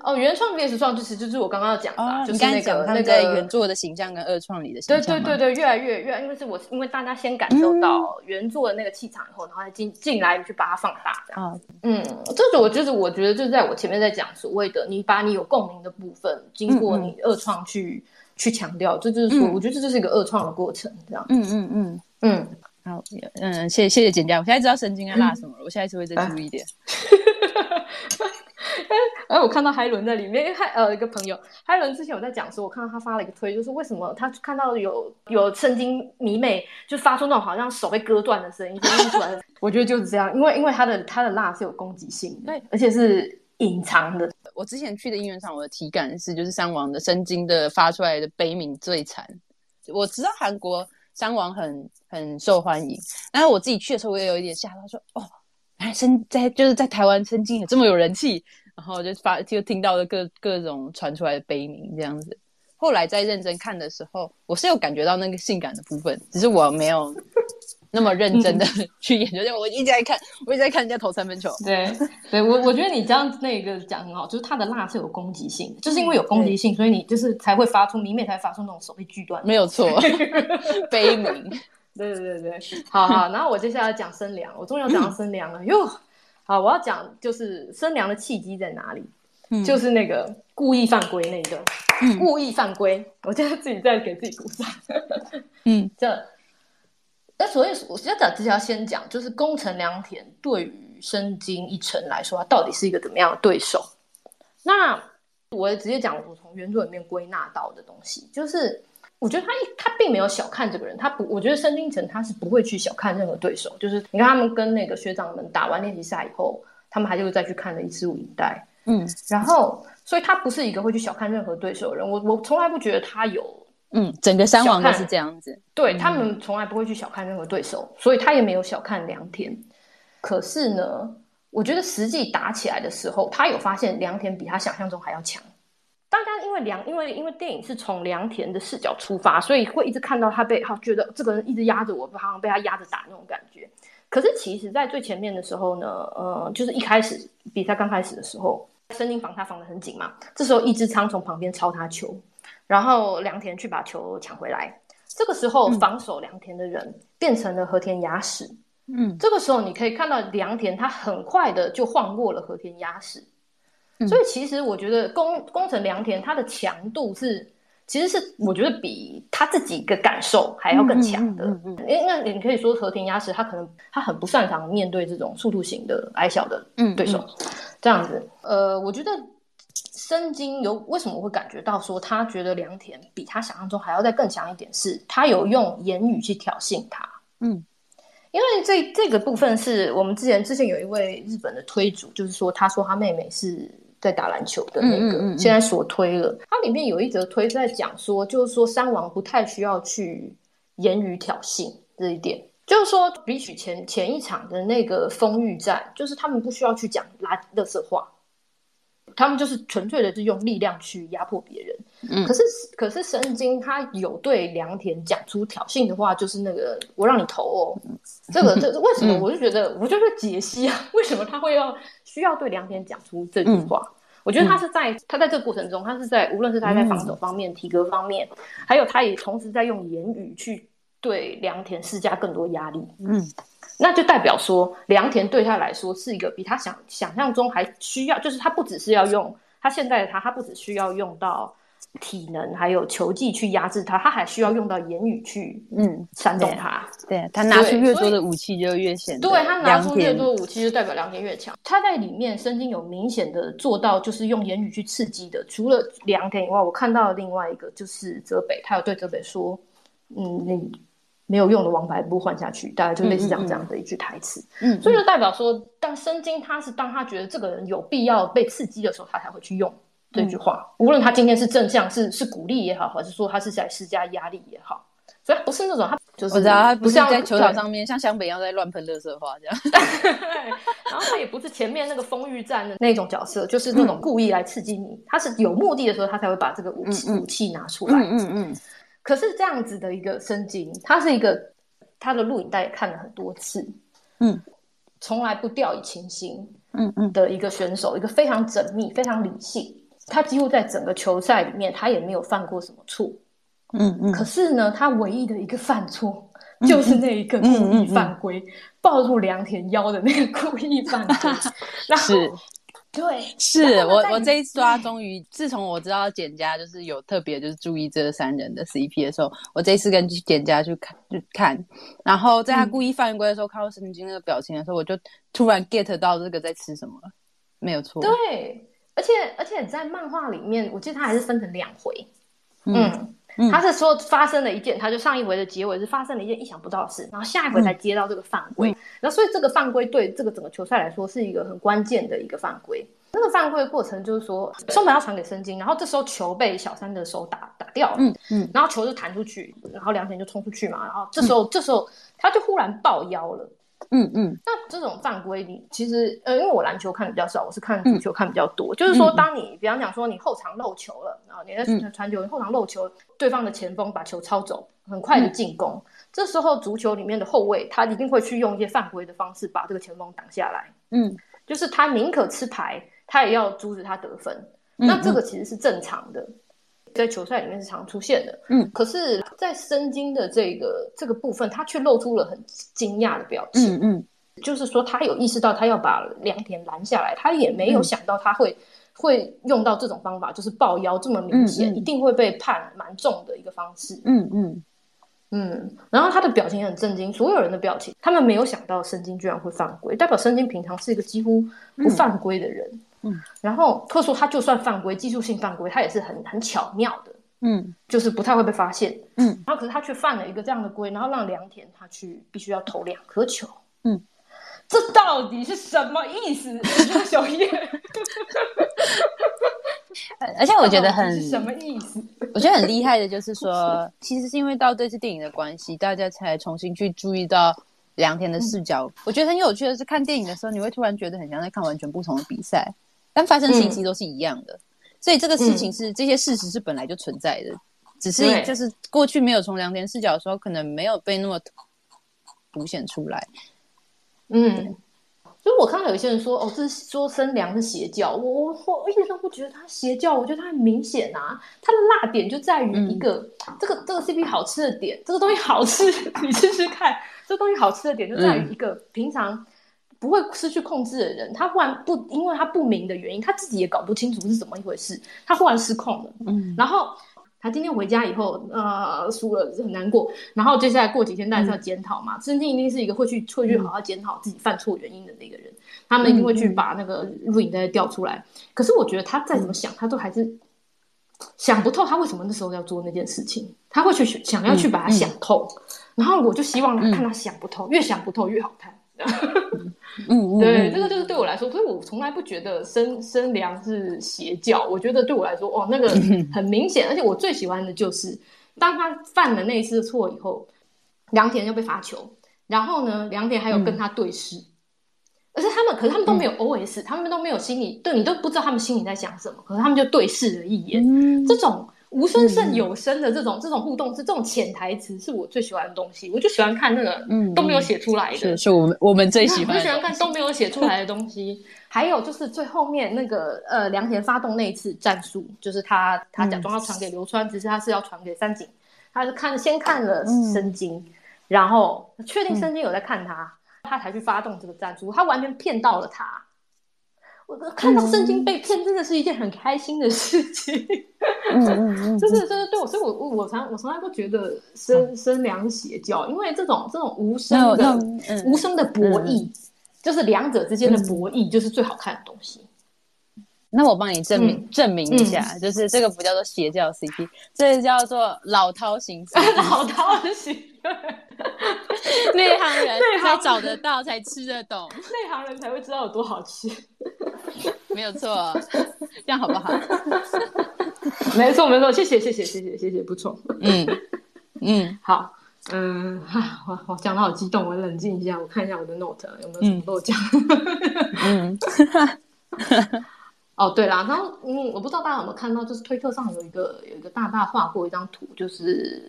哦，原創跟二次創就是我剛剛要講的，講的、啊，哦、講就是那個的那個原作的形象跟二創裡的形象。對對對，對越來越來越來，因為是我，因為大家先感受到原作的那個氣場以後，然後再進進來去把它放大這樣。哦、嗯，這是我就是我覺得就是在我前面在講所謂的你把你有共鳴的部分，經過你二創去嗯嗯去強調，這就是說，我覺得這就是一個二創的過程，這樣子嗯。嗯嗯嗯嗯，嗯好嗯，嗯，謝謝謝謝減加，我現在知道神經要拉什麼了，嗯、我下一次會再注意一點。嗯啊 *laughs* 哎，我看到海倫在裡面，還呃一個朋友，海倫之前有在講說，我看到他發了一個推，就是為什麼他看到有有深津迷妹就發出那種好像手被割斷的聲音，就突然我覺得就是這樣，因為因為他的他的辣是有攻擊性的，對，而且是隱藏的。我之前去的音樂場，我的體感是就是山王的深津的發出來的悲鳴最慘。我知道韓國山王很很受歡迎，但是我自己去的時候我也有一點嚇到，說哦，原來深津在就是在台灣深津也這麼有人氣。然後就發就聽到了各各種傳出來的悲鳴這樣子。後來在認真看的時候，我是有感覺到那個性感的部分，只是我沒有那麼認真的去研究。 *laughs* 我一直在看，我一直在看人家投三分球。對，對我我覺得你這樣子那個講很好，就是他的辣是有攻擊性，就是因為有攻擊性，嗯、所以你就是才會發出，明明才發出那種手被鋸斷，沒有錯， *laughs* 悲鳴。 *laughs* 對，對對對，好好。 *laughs* 然後我接下來講聲量，我終於要講聲量了喲。嗯好，我要講就是深良的契機在哪裡？嗯、就是那個故意犯規那個，嗯、故意犯規。我現在自己在給自己鼓掌。 *laughs* 這嗯，這。那所以，我先講，之前要先講，就是宮城良田對於深津一成來說，它到底是一個怎麼樣的對手？那我也直接講，我從原著裡面歸納到的東西，就是。我覺得他一他並沒有小看這個人，他不，我覺得深津一成他是不會去小看任何對手。就是你看他們跟那個學長們打完練習賽以後，他們還就是再去看了一次錄影帶，嗯，然後所以他不是一個會去小看任何對手的人。我我從來不覺得他有，嗯，整個山王他是這樣子，對，他們從來不會去小看任何對手，嗯、所以他也沒有小看良田。可是呢，我覺得實際打起來的時候，他有發現良田比他想象中還要強。大家因為良，因為因為電影是從良田的視角出發，所以會一直看到他被好，覺得這個人一直壓着我，好像被他壓着打那種感覺。可是其實，在最前面的時候呢，呃，就是一開始比賽剛開始的時候，深津防他防的很緊嘛，這時候一之倉從旁邊抄他球，然後良田去把球搶回來。這個時候防守良田的人，嗯、變成了河田雅史，嗯，這個時候你可以看到良田他很快的就晃過了河田雅史。所以其實我覺得宮宮城良田他的強度是，其實是我覺得比他自己的感受還要更強的。嗯，因為那你可以說河田雅史，他可能他很不擅長面對這種速度型的矮小的對手，這樣子。呃，我覺得深津有為什麼我會感覺到說他覺得良田比他想象中還要再更強一點，是他有用言語去挑釁他。嗯，因為這這個部分是我們之前之前有一位日本的推主，就是說他說他妹妹是。在打籃球的那個，現在所推了，嗯嗯嗯，它裡面有一則推在講說，就是說山王不太需要去言語挑釁這一點，就是說比起前前一場的那個豐玉戰，就是他們不需要去講垃圾話。他們就是純粹的，就用力量去壓迫別人。嗯，可是可是深津他有對良田講出挑釁的話，就是那個我讓你投哦。嗯、這個這個、為什麼？我就覺得、嗯、我就是解析啊，為什麼他會要需要對良田講出這句話？嗯、我覺得他是在他在這個過程中，他是在無論是他在防守方面、體、嗯、格方面，還有他也同時在用言語去對良田施加更多壓力。嗯。那就代表說，良田對他來說是一個比他想想象中還需要，就是他不只是要用他現在的他，他不只需要用到體能，還有球技去壓制他，他還需要用到言語去，嗯，煽動他。嗯、對啊、對啊、他拿出越多的武器就越顯得對，對他拿出越多武器就代表良田越強。良田。他在裡面身經有明顯的做到，就是用言語去刺激的。除了良田以外，我看到另外一個，就是澤北，他有對澤北說，嗯，你。沒有用的王牌不換下去，嗯、大概就類似講這樣的一句台詞、嗯。嗯，所以就代表說，當深津他是當他覺得這個人有必要被刺激的時候，他才會去用、嗯、這句話。無論他今天是正向是是鼓勵也好，還是說他是在施加壓力也好，所以他不是那種他就是知道他不像在球場上面對像湘北一樣在亂噴垃圾話這樣。 *laughs* *laughs* 然後他也不是前面那個豐玉戰的那種角色，就是那種故意來刺激你。嗯、他是有目的的時候，他才會把這個武器、嗯嗯、武器拿出來。嗯嗯。嗯嗯嗯可是這樣子的一個深津，他是一個他的錄影帶也看了很多次，從、嗯、來不掉以輕心，嗯嗯的一個選手，嗯嗯、一個非常縝密、非常理性，他幾乎在整個球賽裡面他也沒有犯過什麼錯、嗯，嗯嗯。可是呢，他唯一的一個犯錯、嗯、就是那一個故意犯規，嗯嗯嗯嗯、抱住良田腰的那個故意犯規，那 *laughs* 後是。對，是我我這一次刷終於對自從我知道減加就是有特別就是注意這三人的 CP 的時候，我這次跟去減加去看看，然後在他故意犯規的時候，嗯、看到深津那個表情的時候，我就突然 get 到這個在吃什麼沒有錯。對，而且而且在漫畫裡面，我記得他還是分成兩回，嗯。嗯嗯、他是說發生了一件，他就上一回的結尾是發生了一件意想不到的事，然後下一回才接到這個犯規。嗯嗯、然後所以這個犯規對這個整個球賽來說是一個很關鍵的一個犯規。那個犯規的過程就是說松本要傳給深津，然後這時候球被小三的手打打掉了嗯，嗯嗯，然後球就彈出去，然後良田就衝出去嘛，然後這時候、嗯、這時候他就忽然抱腰了。嗯嗯，嗯那這種犯規，你其實呃，因為我籃球看的比較少，我是看足球看比較多。嗯、就是說，當你、嗯、比方講說你後場漏球了，啊，你在傳球，你後場漏球，嗯、對方的前鋒把球抄走，很快的進攻，嗯、這時候足球裡面的後衛他一定會去用一些犯規的方式把這個前鋒擋下來。嗯，就是他寧可吃牌，他也要阻止他得分。嗯、那這個其實是正常的。在球賽裡面是常出現的，嗯，可是，在深津的這個這個部分，他卻露出了很驚訝的表情，嗯，嗯就是說他有意識到他要把良田攔下來，他也沒有想到他會、嗯、會用到這種方法，就是抱腰這麼明顯，嗯嗯、一定會被判蠻重的一個方式，嗯嗯嗯，然後他的表情也很震驚，所有人的表情，他們沒有想到深津居然會犯規，代表深津平常是一個幾乎不犯規的人。嗯嗯，然後特殊，他就算犯規，技術性犯規，他也是很很巧妙的，嗯，就是不太會被發現，嗯，然後可是他卻犯了一個這樣的規，然後讓良田他去必須要投兩顆球，嗯，這到底是什麼意思？小葉？而且我覺得很是什麼意思？我覺得很厲害的，就是說，是其實是因為到這次電影的關係，大家才重新去注意到良田的視角。嗯，我覺得很有趣的是，看電影的時候，你會突然覺得很像在看完全不同的比賽。但發生的信息都是一樣的，嗯、所以這個事情是、嗯、這些事實是本來就存在的，只是就是過去沒有從良田視角的時候，可能沒有被那麼凸顯出來。嗯，所以我看到有些人說，哦，這是說深良是邪教。我我說我一直都不覺得他邪教，我覺得它很明顯啊。它的辣點就在於一個、嗯、這個這個 CP 好吃的點，這個東西好吃， *laughs* 你試試看， *laughs* 這個東西好吃的點就在於一個、嗯、平常。不會失去控制的人，他忽然不，因為他不明的原因，他自己也搞不清楚是怎麼一回事，他忽然失控了。嗯，然後他今天回家以後，呃，輸了是很難過。然後接下來過幾天，大家就要檢討嘛。深津、嗯、一定是一個會去會去好好檢討自己犯錯原因的那個人，嗯、他們一定會去把那個錄影帶調出來。嗯、可是我覺得他再怎麼想，嗯、他都還是想不透他為什麼那時候要做那件事情。他會去想要去把它想透。嗯嗯、然後我就希望他看他想不透，嗯、越想不透越好看。嗯 *laughs* 嗯，嗯對，嗯、這個就是對我來說，嗯、所以我從來不覺得深深良是邪教。我覺得對我來說，哦，那個很明顯，嗯、而且我最喜歡的就是，當他犯了那一次的錯以後，良田就被罰球，然後呢，良田還有跟他對視，嗯、而且他們，可是他們都沒有 OS，嗯、他們都沒有心裡，對，你都不知道他們心裡在想什麼，可是他們就對視了一眼，嗯、這種。無聲勝有聲的這種、嗯、這種互動是這種潛台詞是我最喜歡的東西，我就喜歡看那個嗯都沒有寫出來的，是，是我們我們最喜歡的，我就喜歡看都沒有寫出來的東西。 *laughs* 還有就是最後面那個呃，良田發動那一次戰術，就是他他假裝要傳給流川，其實、嗯、他是要傳給三井，他是看先看了深津。嗯、然後確定深津有在看他，嗯、他才去發動這個戰術，他完全騙到了他。我看到深津被騙，真的是一件很開心的事情。嗯嗯嗯，真的真的對我，所以我我我從我從來都覺得，深深良邪教，因為這種這種無聲的無聲的博弈，就是兩者之間的博弈，就是最好看的東西。那我幫你證明證明一下，就是這個不叫做邪教 CP，這叫做老饕型老饕型，內行人才找得到，才吃得懂，內行人才會知道有多好吃。沒有錯，這樣好不好？ *laughs* 沒錯，沒錯，謝謝，謝謝，謝謝，謝謝，不錯。嗯嗯，嗯好，嗯，我我講的好激動，我冷靜一下，我看一下我的 note 有沒有什麼漏講。嗯， *laughs* 嗯 *laughs* 哦，對了，然後嗯，我不知道大家有沒有看到，就是推特上有一個有一個大大畫過一張圖，就是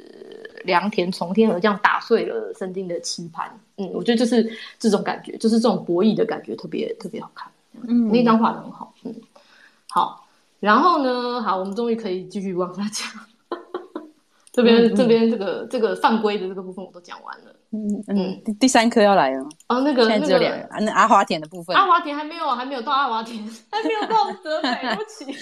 良田從天而降，打碎了聖經的棋盤。嗯，我覺得就是這種感覺，就是這種博弈的感覺，特別、嗯、特別好看。嗯，那張畫的很好。嗯，好，然後呢？好，我們終於可以繼續往下講。這邊這邊這個這個犯規的這個部分我都講完了。嗯嗯，第三顆要來了。哦，那個那個啊，阿華田的部分，阿華田還沒有，還沒有到阿華田，還沒有到澤北，對不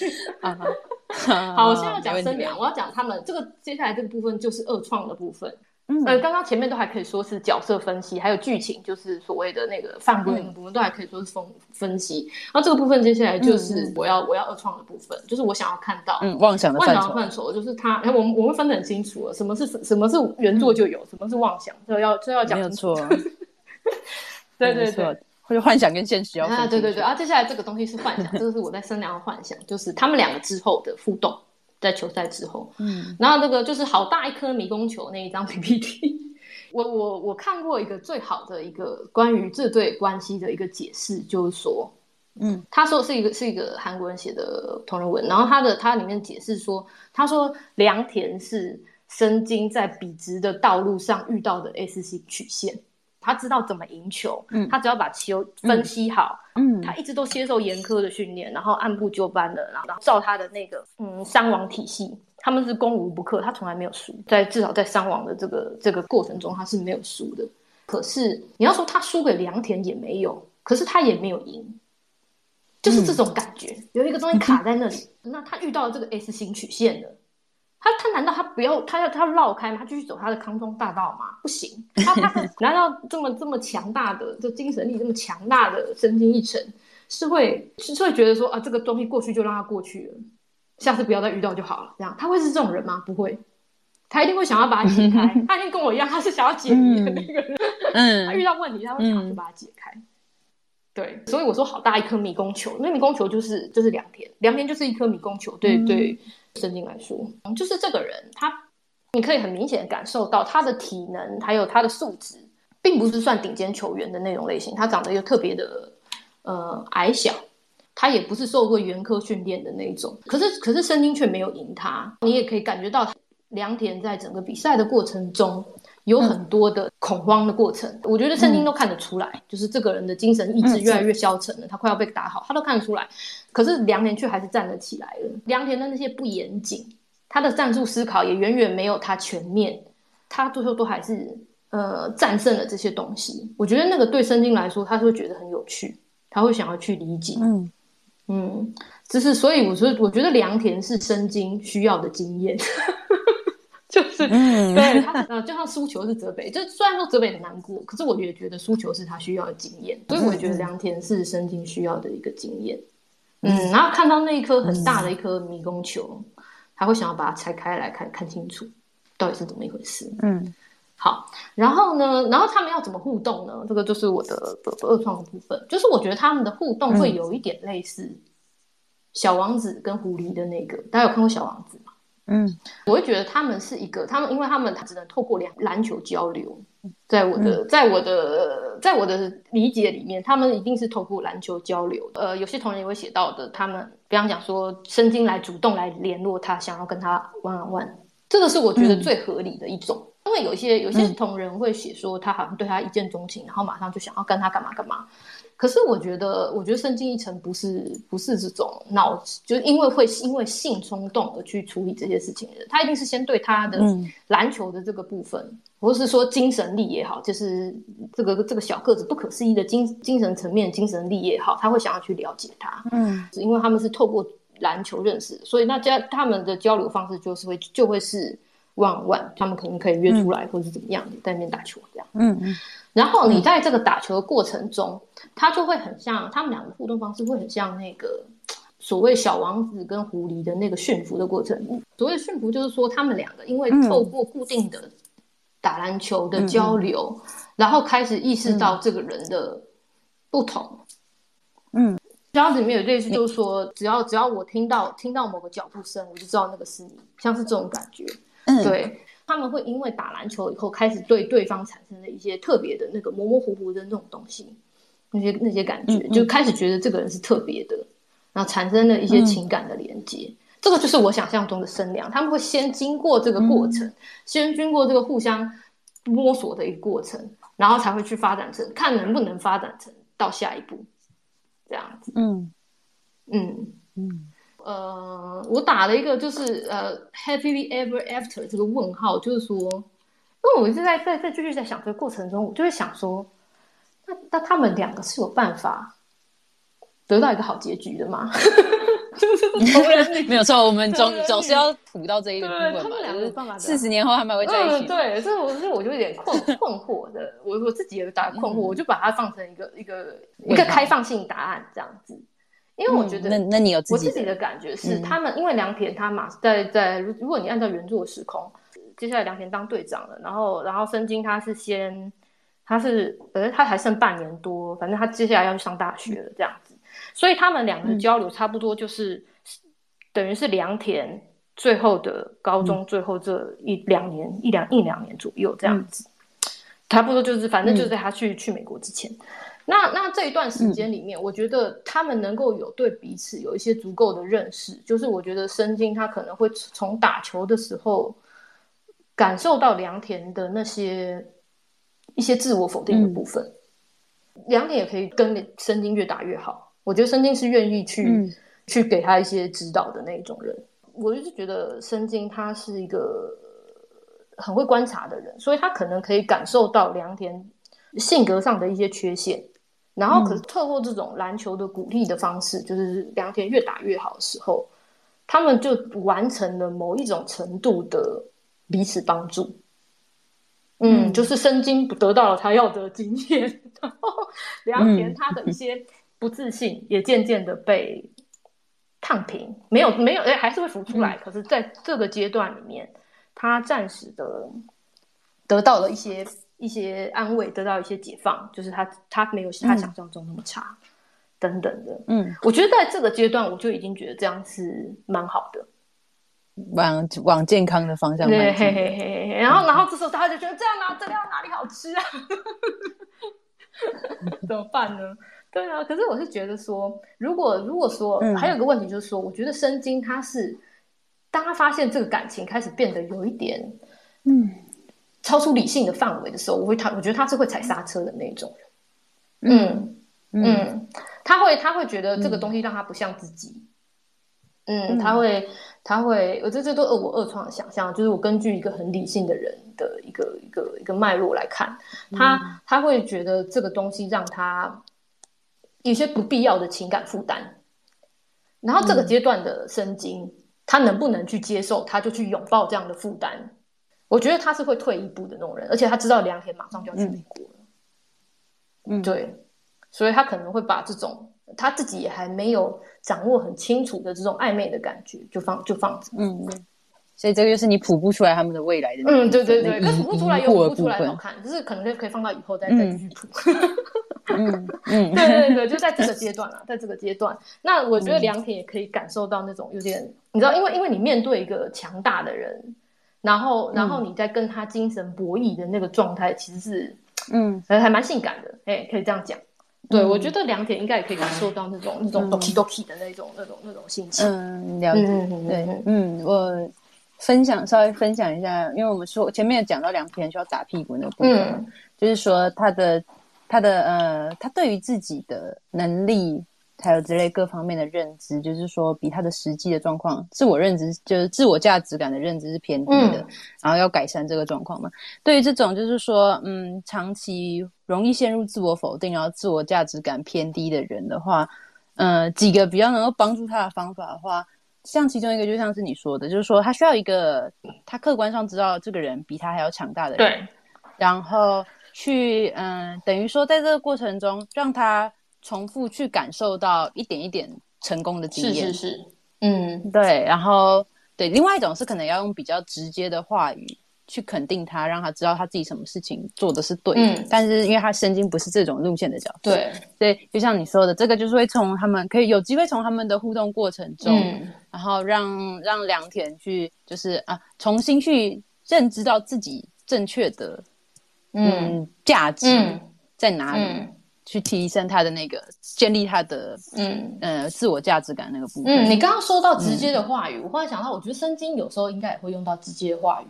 起。好，我現在要講深良，我要講他們這個接下來這個部分就是二創的部分。嗯、呃，剛剛前面都還可以說是角色分析，還有劇情，就是所謂的那個範圍，我們都還可以說是分、嗯、分析。那、啊、這個部分接下來就是我要、嗯、我要二創的部分，就是我想要看到嗯，妄想的幻想，範疇，就是他。然後我們我們分得很清楚了什麼是什麼是原作就有、嗯、什麼是妄想，就要就要講沒有錯、啊。 *laughs* 對對對，或者幻想跟現實要分清楚、啊、對對對，啊，接下來這個東西是幻想， *laughs* 這個是我在生梁的幻想，就是他們兩個之後的互動。在球賽之後，嗯，然後那個就是好大一顆迷宮球那一張 PPT。 *laughs* 我我我看過一個最好的一個關於這對關係的一個解釋，嗯、就是說，嗯，他說是一個是一個韓國人寫的同人文，嗯、然後他的他裡面解釋說，他說良田是深津在筆直的道路上遇到的 SC 曲線。他知道怎麼贏球，嗯、他只要把球分析好，嗯，嗯他一直都接受嚴苛的訓練，然後按部就班的，然後照他的那個嗯山王體系，他們是攻無不克，他從來沒有輸，在至少在山王的這個這個過程中，他是沒有輸的。可是你要說他輸給良田也沒有，可是他也沒有贏，就是這種感覺，嗯、有一個東西卡在那裡。嗯、那他遇到了這個 S 型曲線了。他他難道他不要他要他繞開嗎？他繼續走他的康莊大道嗎？不行，他他難道這麼 *laughs* 這麼強大的這精神力這麼強大的深津一成，是會是會覺得說啊，這個東西過去就讓它過去了，下次不要再遇到就好了，這樣他會是這種人嗎？不會，他一定會想要把它解開。他 *laughs* 一定跟我一樣，他是想要解謎的那個人。嗯，他遇到問題，他會想要就把它解開。 *laughs* 嗯、對，所以我說好大一顆迷宮球，那迷宮球就是就是良田，良田就是一顆迷宮球。對、嗯、對。深津來說，就是這個人，他你可以很明顯的感受到他的體能還有他的素質，並不是算頂尖球員的那種類型。他長得又特別的，呃，矮小，他也不是受過嚴苛訓練的那種。可是，可是深津卻沒有贏他，你也可以感覺到，良田在整個比賽的過程中，有很多的恐慌的過程，嗯、我覺得深津都看得出來，嗯、就是這個人的精神意志越來越消沉了，嗯、他快要被打好，他都看得出來。可是良田卻還是站得起來了。良田的那些不嚴謹，他的戰術思考也遠遠沒有他全面，他最後都還是呃戰勝了這些東西。我覺得那個對深津來說，他是會覺得很有趣，他會想要去理解。嗯嗯，就、嗯、是所以我說，我覺得良田是深津需要的經驗。嗯 *laughs* 就是 *laughs* *noise* *laughs* 對他，呃，就像輸球是澤北，就雖然說澤北很難過，可是我也覺得輸球是他需要的經驗，嗯、所以我也覺得良田是深津需要的一個經驗。嗯，然後看到那一顆很大的一顆迷宮球，他、嗯、會想要把它拆開來看看清楚，到底是怎麼一回事。嗯，好，然後呢，然後他們要怎麼互動呢？這個就是我的伯伯二創的部分，就是我覺得他們的互動會有一點類似小王子跟狐狸的那個，嗯、大家有看過小王子？嗯，我會覺得他們是一個，他們因為他們他只能透過籃籃球交流，在我的、嗯、在我的在我的理解裡面，他們一定是透過籃球交流。呃，有些同人也會寫到的，他們比方講說，深津來主動來聯絡他，想要跟他玩玩，這個是我覺得最合理的一種。嗯、因為有些有一些有些同人會寫說，他好像對他一見鍾情，嗯、然後馬上就想要跟他幹嘛幹嘛。可是我覺得，我覺得深津一成不是不是這種腦子，就是因為會因為性衝動而去處理這些事情的人。他一定是先對他的籃球的這個部分，嗯、或是說精神力也好，就是這個這個小個子不可思議的精精神層面精神力也好，他會想要去了解他。嗯，是因為他們是透過籃球認識，所以那家他們的交流方式就是會就會是。萬萬，Run, Run, 他們可能可以約出來，嗯、或是怎麼樣的，在那邊打球這樣。嗯嗯。然後你在這個打球的過程中，嗯、他就會很像他們兩個互動方式會很像那個所謂小王子跟狐狸的那個馴服的過程。所謂的馴服，就是說他們兩個因為透過固定的打籃球的交流，嗯嗯、然後開始意識到這個人的不同。嗯。嗯小王子裡面有類似，就是說，嗯、只要只要我聽到聽到某個腳步聲，我就知道那個是你，像是這種感覺。嗯，對，他們會因為打籃球以後開始對對方產生了一些特別的那個模模糊糊的那種東西，那些那些感覺、嗯嗯、就開始覺得這個人是特別的，然後產生了一些情感的連接。嗯、這個就是我想象中的深良，他們會先經過這個過程，嗯、先經過這個互相摸索的一個過程，然後才會去發展成，看能不能發展成，到下一步這樣子。嗯，嗯嗯。呃，我打了一個，就是呃，Happy Ever After 這個問號，就是說，那我一直在在在繼續在想這個過程中，我就會想說，那那他們兩個是有辦法得到一個好結局的嗎？沒有錯，我們總 *laughs* 對總是要補到這一個部分。他們兩個有辦法。四十年後他們還會在一起、嗯。對，所以我所以我就有點困困惑的，我我自己也打困惑， *laughs* 我就把它放成一個一個好一個開放性答案這樣子。因為我覺得，那那你有我自己的感覺是，他們因為良田他嘛，在在，如果你按照原著的時空，接下來良田當隊長了，然後然後深津他是先他是，呃，他還剩半年多，反正他接下來要去上大學了這樣子，所以他們兩個交流差不多就是等於是良田最後的高中最後這一兩年、嗯、一兩一兩年左右這樣子，差不多就是反正就是在他去、嗯、去美國之前。那那這一段時間裡面，嗯、我覺得他們能夠有對彼此有一些足夠的認識，就是我覺得深津他可能會從打球的時候，感受到良田的那些一些自我否定的部分。嗯、良田也可以跟深津越打越好。我覺得深津是願意去、嗯、去給他一些指導的那一種人。我就是覺得深津他是一個很會觀察的人，所以他可能可以感受到良田性格上的一些缺陷。然後，可是透過這種籃球的鼓勵的方式，嗯、就是良田越打越好的時候，他們就完成了某一種程度的彼此幫助。嗯，嗯就是深津得到了他要的經驗，然後良田他的一些不自信也漸漸的被燙平。嗯、沒有，沒有，哎，還是會浮出來。嗯、可是，在這個階段裡面，他暫時的得到了一些。一些安慰，得到一些解放，就是他他沒有他想象中那麼差，嗯、等等的，嗯，我覺得在這個階段，我就已經覺得這樣是蠻好的，往往健康的方向邁進，對，然後，然後這時候大家就覺得這樣呢、啊，嗯、這料哪裡好吃啊？ *laughs* 怎麼辦呢？對啊，可是我是覺得說，如果如果說，還有一個問題就是說，嗯、我覺得深津它是，當他發現這個感情開始變得有一點，嗯。超出理性的範圍的時候，我會他，我覺得他是會踩剎車的那種人嗯嗯，嗯嗯他會，他會覺得這個東西讓他不像自己。嗯，嗯，嗯，他會，他會，我這這都二我二創的想象，就是我根據一個很理性的人的一個一個一個脈絡來看，嗯、他他會覺得這個東西讓他有些不必要的情感負擔。然後這個階段的深津，嗯、他能不能去接受，他就去擁抱這樣的負擔。我覺得他是會退一步的那種人，而且他知道良田馬上就要去美國。嗯，嗯對，所以他可能會把這種他自己也還沒有掌握很清楚的這種曖昧的感覺就放就放着。嗯，所以這個就是你譜不出來他們的未來的。嗯，對對對，譜不出來有譜不出來的好看，就是可能就可以放到以後再、嗯、再繼續譜、 *laughs* 嗯。嗯， *laughs* 對對對，就在這個階段了、啊，在這個階段。那我覺得良田也可以感受到那種有點，嗯、你知道，因為因為你面對一個強大的人。然後，然後你在跟他精神博弈的那個狀態，其實是，嗯，還蠻性感的，哎、嗯，可以這樣講。嗯、對，我覺得良田應該也可以感受到那種那種 doki doki 的那種那種那種心情。嗯，了解。嗯、對，嗯，我分享、嗯、稍微分享一下，因為我們說，我前面有講到良田需要打屁股那個部分，嗯、就是說他的他的呃，他對於自己的能力。還有之類各方面的認知，就是說比他的實際的狀況，自我認知，就是自我價值感的認知是偏低的，嗯、然後要改善這個狀況嘛。對於這種就是說，嗯，長期容易陷入自我否定，然後自我價值感偏低的人的話，嗯、呃、幾個比較能夠幫助他的方法的話，像其中一個就像是你說的，就是說他需要一個他客觀上知道這個人比他還要強大的人，對然後去，嗯、呃，等於說在這個過程中讓他。重複去感受到一點一點成功的經驗，是是是，嗯，對，然後對，另外一種是可能要用比較直接的話語去肯定他，讓他知道他自己什麼事情做的是對的。嗯，但是因為他深津不是這種路線的角色，對，所以就像你說的，這個就是會從他們可以有機會從他們的互動過程中，嗯、然後讓讓良田去就是啊重新去認知到自己正確的嗯，嗯價值在哪裡。嗯嗯去提升他的那個，建立他的嗯,嗯呃自我價值感那個部分。嗯，你剛剛說到直接的話語，嗯、我忽然想到，我覺得深津有時候應該也會用到直接的話語。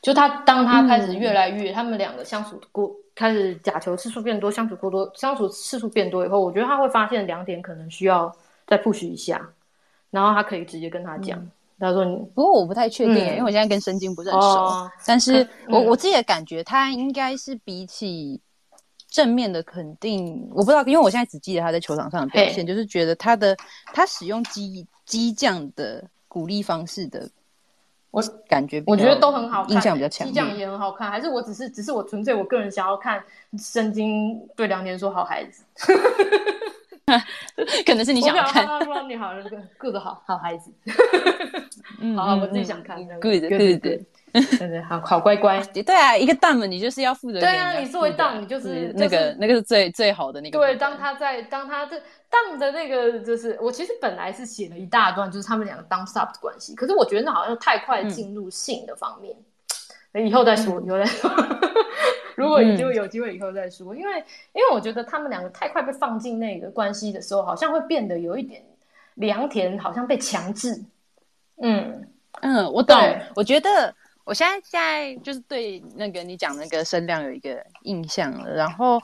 就他當他開始越來越，嗯、他們兩個相處過，開始假球次數變多，相處過多，相處次數變多以後，我覺得他會發現兩點，可能需要再 push 一下，然後他可以直接跟他講。他、嗯、說你，不過我不太確定、欸嗯、因為我現在跟深津不是很熟，哦、但是我、嗯、我自己的感覺，他應該是比起。正面的肯定，我不知道，因為我現在只記得他在球場上的表現，hey, 就是覺得他的他使用激激將的鼓勵方式的，我感覺比較我覺得都很好看，印象比較強，激將也很好看。還是我只是只是我純粹我個人想要看深津對良田說好孩子， *laughs* *laughs* 可能是你想要看， *laughs* 他說你好，good， *laughs* 好好孩子，嗯，好，我自己想看，good，good，good。 *laughs* 對對，好好乖乖對。對啊，一個 Dom 嘛，你就是要負責。對啊，你作為 Dom，你就是那個那個是最最好的那個。對，當他在當他在 Dom 着那個，就是我其實本來是寫了一大段，就是他們兩個當 sub 的關係。可是我覺得那好像太快進入性的方面，那、嗯、以後再說，以後再說、嗯、 *laughs* 如果你就有機會以後再說，嗯、因為因為我覺得他們兩個太快被放進那個關係的時候，好像會變得有一點良田，好像被強制。嗯嗯，我懂，對我覺得。我現在現在就是對那個你講那個聲量有一個印象了，然後，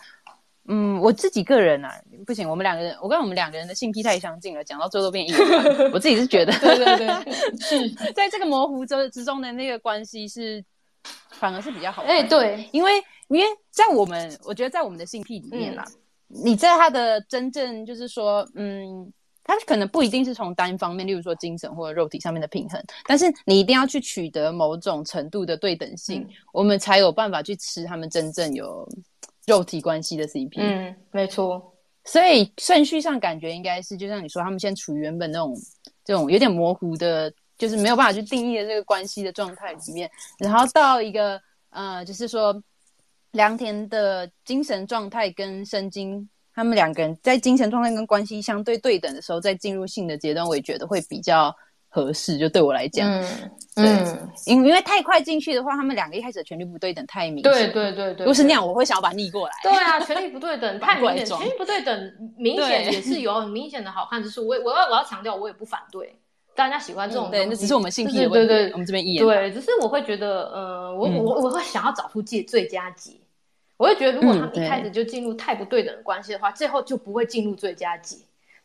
嗯，我自己個人啊不行，我們兩個人，我跟我們兩個人的性癖太相近了，講到最後都變異。 *laughs* 我自己是覺得， *laughs* 對對對， *laughs* 是在這個模糊之之中的那個關係是，反而是比較好的。哎、欸，對，因為因為在我們，我覺得在我們的性癖裡面啦，嗯、你在他的真正就是說，嗯。他可能不一定是從單方面，例如說精神或者肉體上面的平衡，但是你一定要去取得某種程度的對等性，嗯、我們才有辦法去吃他們真正有肉體關係的 CP。嗯，沒錯。所以順序上感覺應該是，就像你說，他們現在處於原本那種這種有點模糊的，就是沒有辦法去定義的這個關係的狀態裡面，然後到一個呃，就是說良田的精神狀態跟深津，他們兩個人在精神狀態跟關係相對對等的時候，再進入性的階段，我也覺得會比較合適。就對我來講，嗯，對，因為太快進去的話，他們兩個一開始的權力不對等太明顯。對對對對，如果是那樣，我會想要把逆過來。對啊，權力不對等，太明顯，權力不對等明顯也是有很明顯的好看之處。我我要我要強調，我也不反對大家喜歡這種，對，那只是我們性癖問題。對對，我們這邊意見。對，只是我會覺得，呃，我我我會想要找出自己最佳級。我會覺得，如果他們一開始就進入太不對等的,的關係的話，嗯、最後就不會進入最佳級。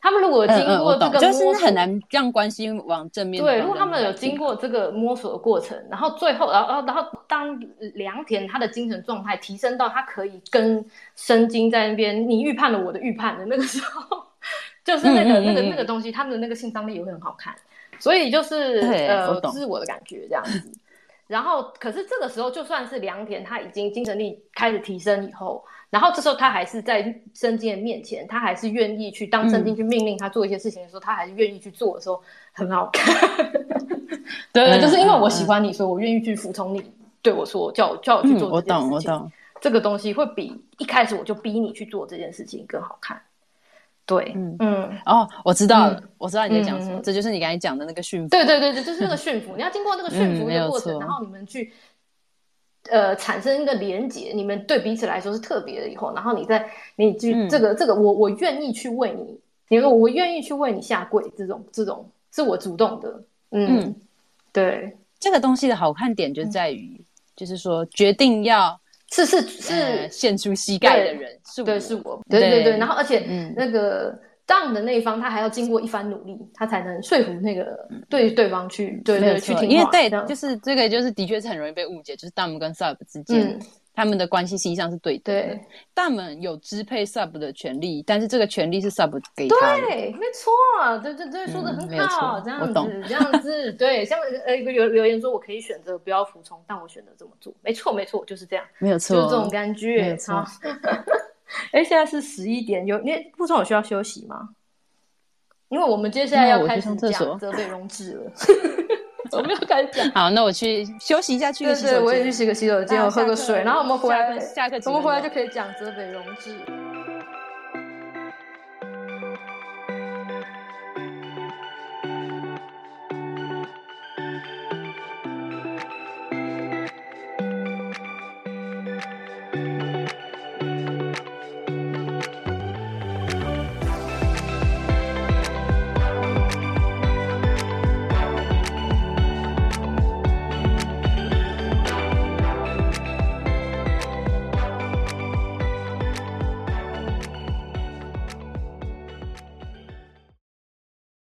他們如果有經過這個摸、嗯嗯、就是很難讓關係往正面。對，如果他們有經過這個摸索的過程，對然後最後，然後，然後當良田他的精神狀態提升到他可以跟深津在那邊，你預判了我的預判的那個時候， *laughs* 就是那個、嗯嗯嗯、那個那個東西，他們的那個性張力也會很好看。所以就是，對呃，自我,懂我的感覺這樣子。然後，可是這個時候，就算是良田，他已經精神力開始提升以後，然後這時候他還是在深津的面前，他還是願意去當深津去命令他做一些事情的時候，嗯、他還是願意去做的時候，很好看。 *laughs* 對了，嗯、就是因為我喜歡你，所以我願意去服從你。對我說，叫我叫我去做這件事情，嗯。我懂，我懂。這個東西會比一開始我就逼你去做這件事情更好看。對，嗯，嗯。哦，我知道了，我知道你在講什麼，這就是你剛才講的那個馴服。對對對就是那個馴服，你要經過那個馴服的過程，然後你們去，呃，產生一個連結，你們對彼此來說是特別的，以後，然後你再，你去，這個這個，我我願意去為你，比如說我願意去為你下跪，這種這種是我主動的，嗯，對。這個東西的好看點就在於，就是說決定要。是是是，獻、嗯、出膝蓋的人是，對，是我，對對對。然後，而且、嗯、那個 down 的那一方，他還要經過一番努力，他才能說服那個對對方去對對對，對去聽對。因為對的，那就是這個，就是的確是很容易被誤解，就是 down 跟 sub 之間。嗯他們的關係係實際上是對，對的，大門對有支配 Sub 的權利，但是這個權利是 Sub 給他的，對，沒錯，對對對、嗯、說得很好，錯這樣子，懂這樣子，對，像呃有留言說我可以選擇不要服從， *laughs* 但我選擇這麼做，沒錯，沒錯，就是這樣，沒有錯，就這種感覺，沒有錯。哎，現在是十一點，有因為服從有需要休息嗎？因為我們接下來要開始講責備容止了。 *laughs* 我沒有敢講、啊。 *laughs* 好，那我去休息一下，去一個洗手間，對對我也去洗個洗手間，那我喝個水。課然後我們回來，下下我們回來就可以講澤北榮治。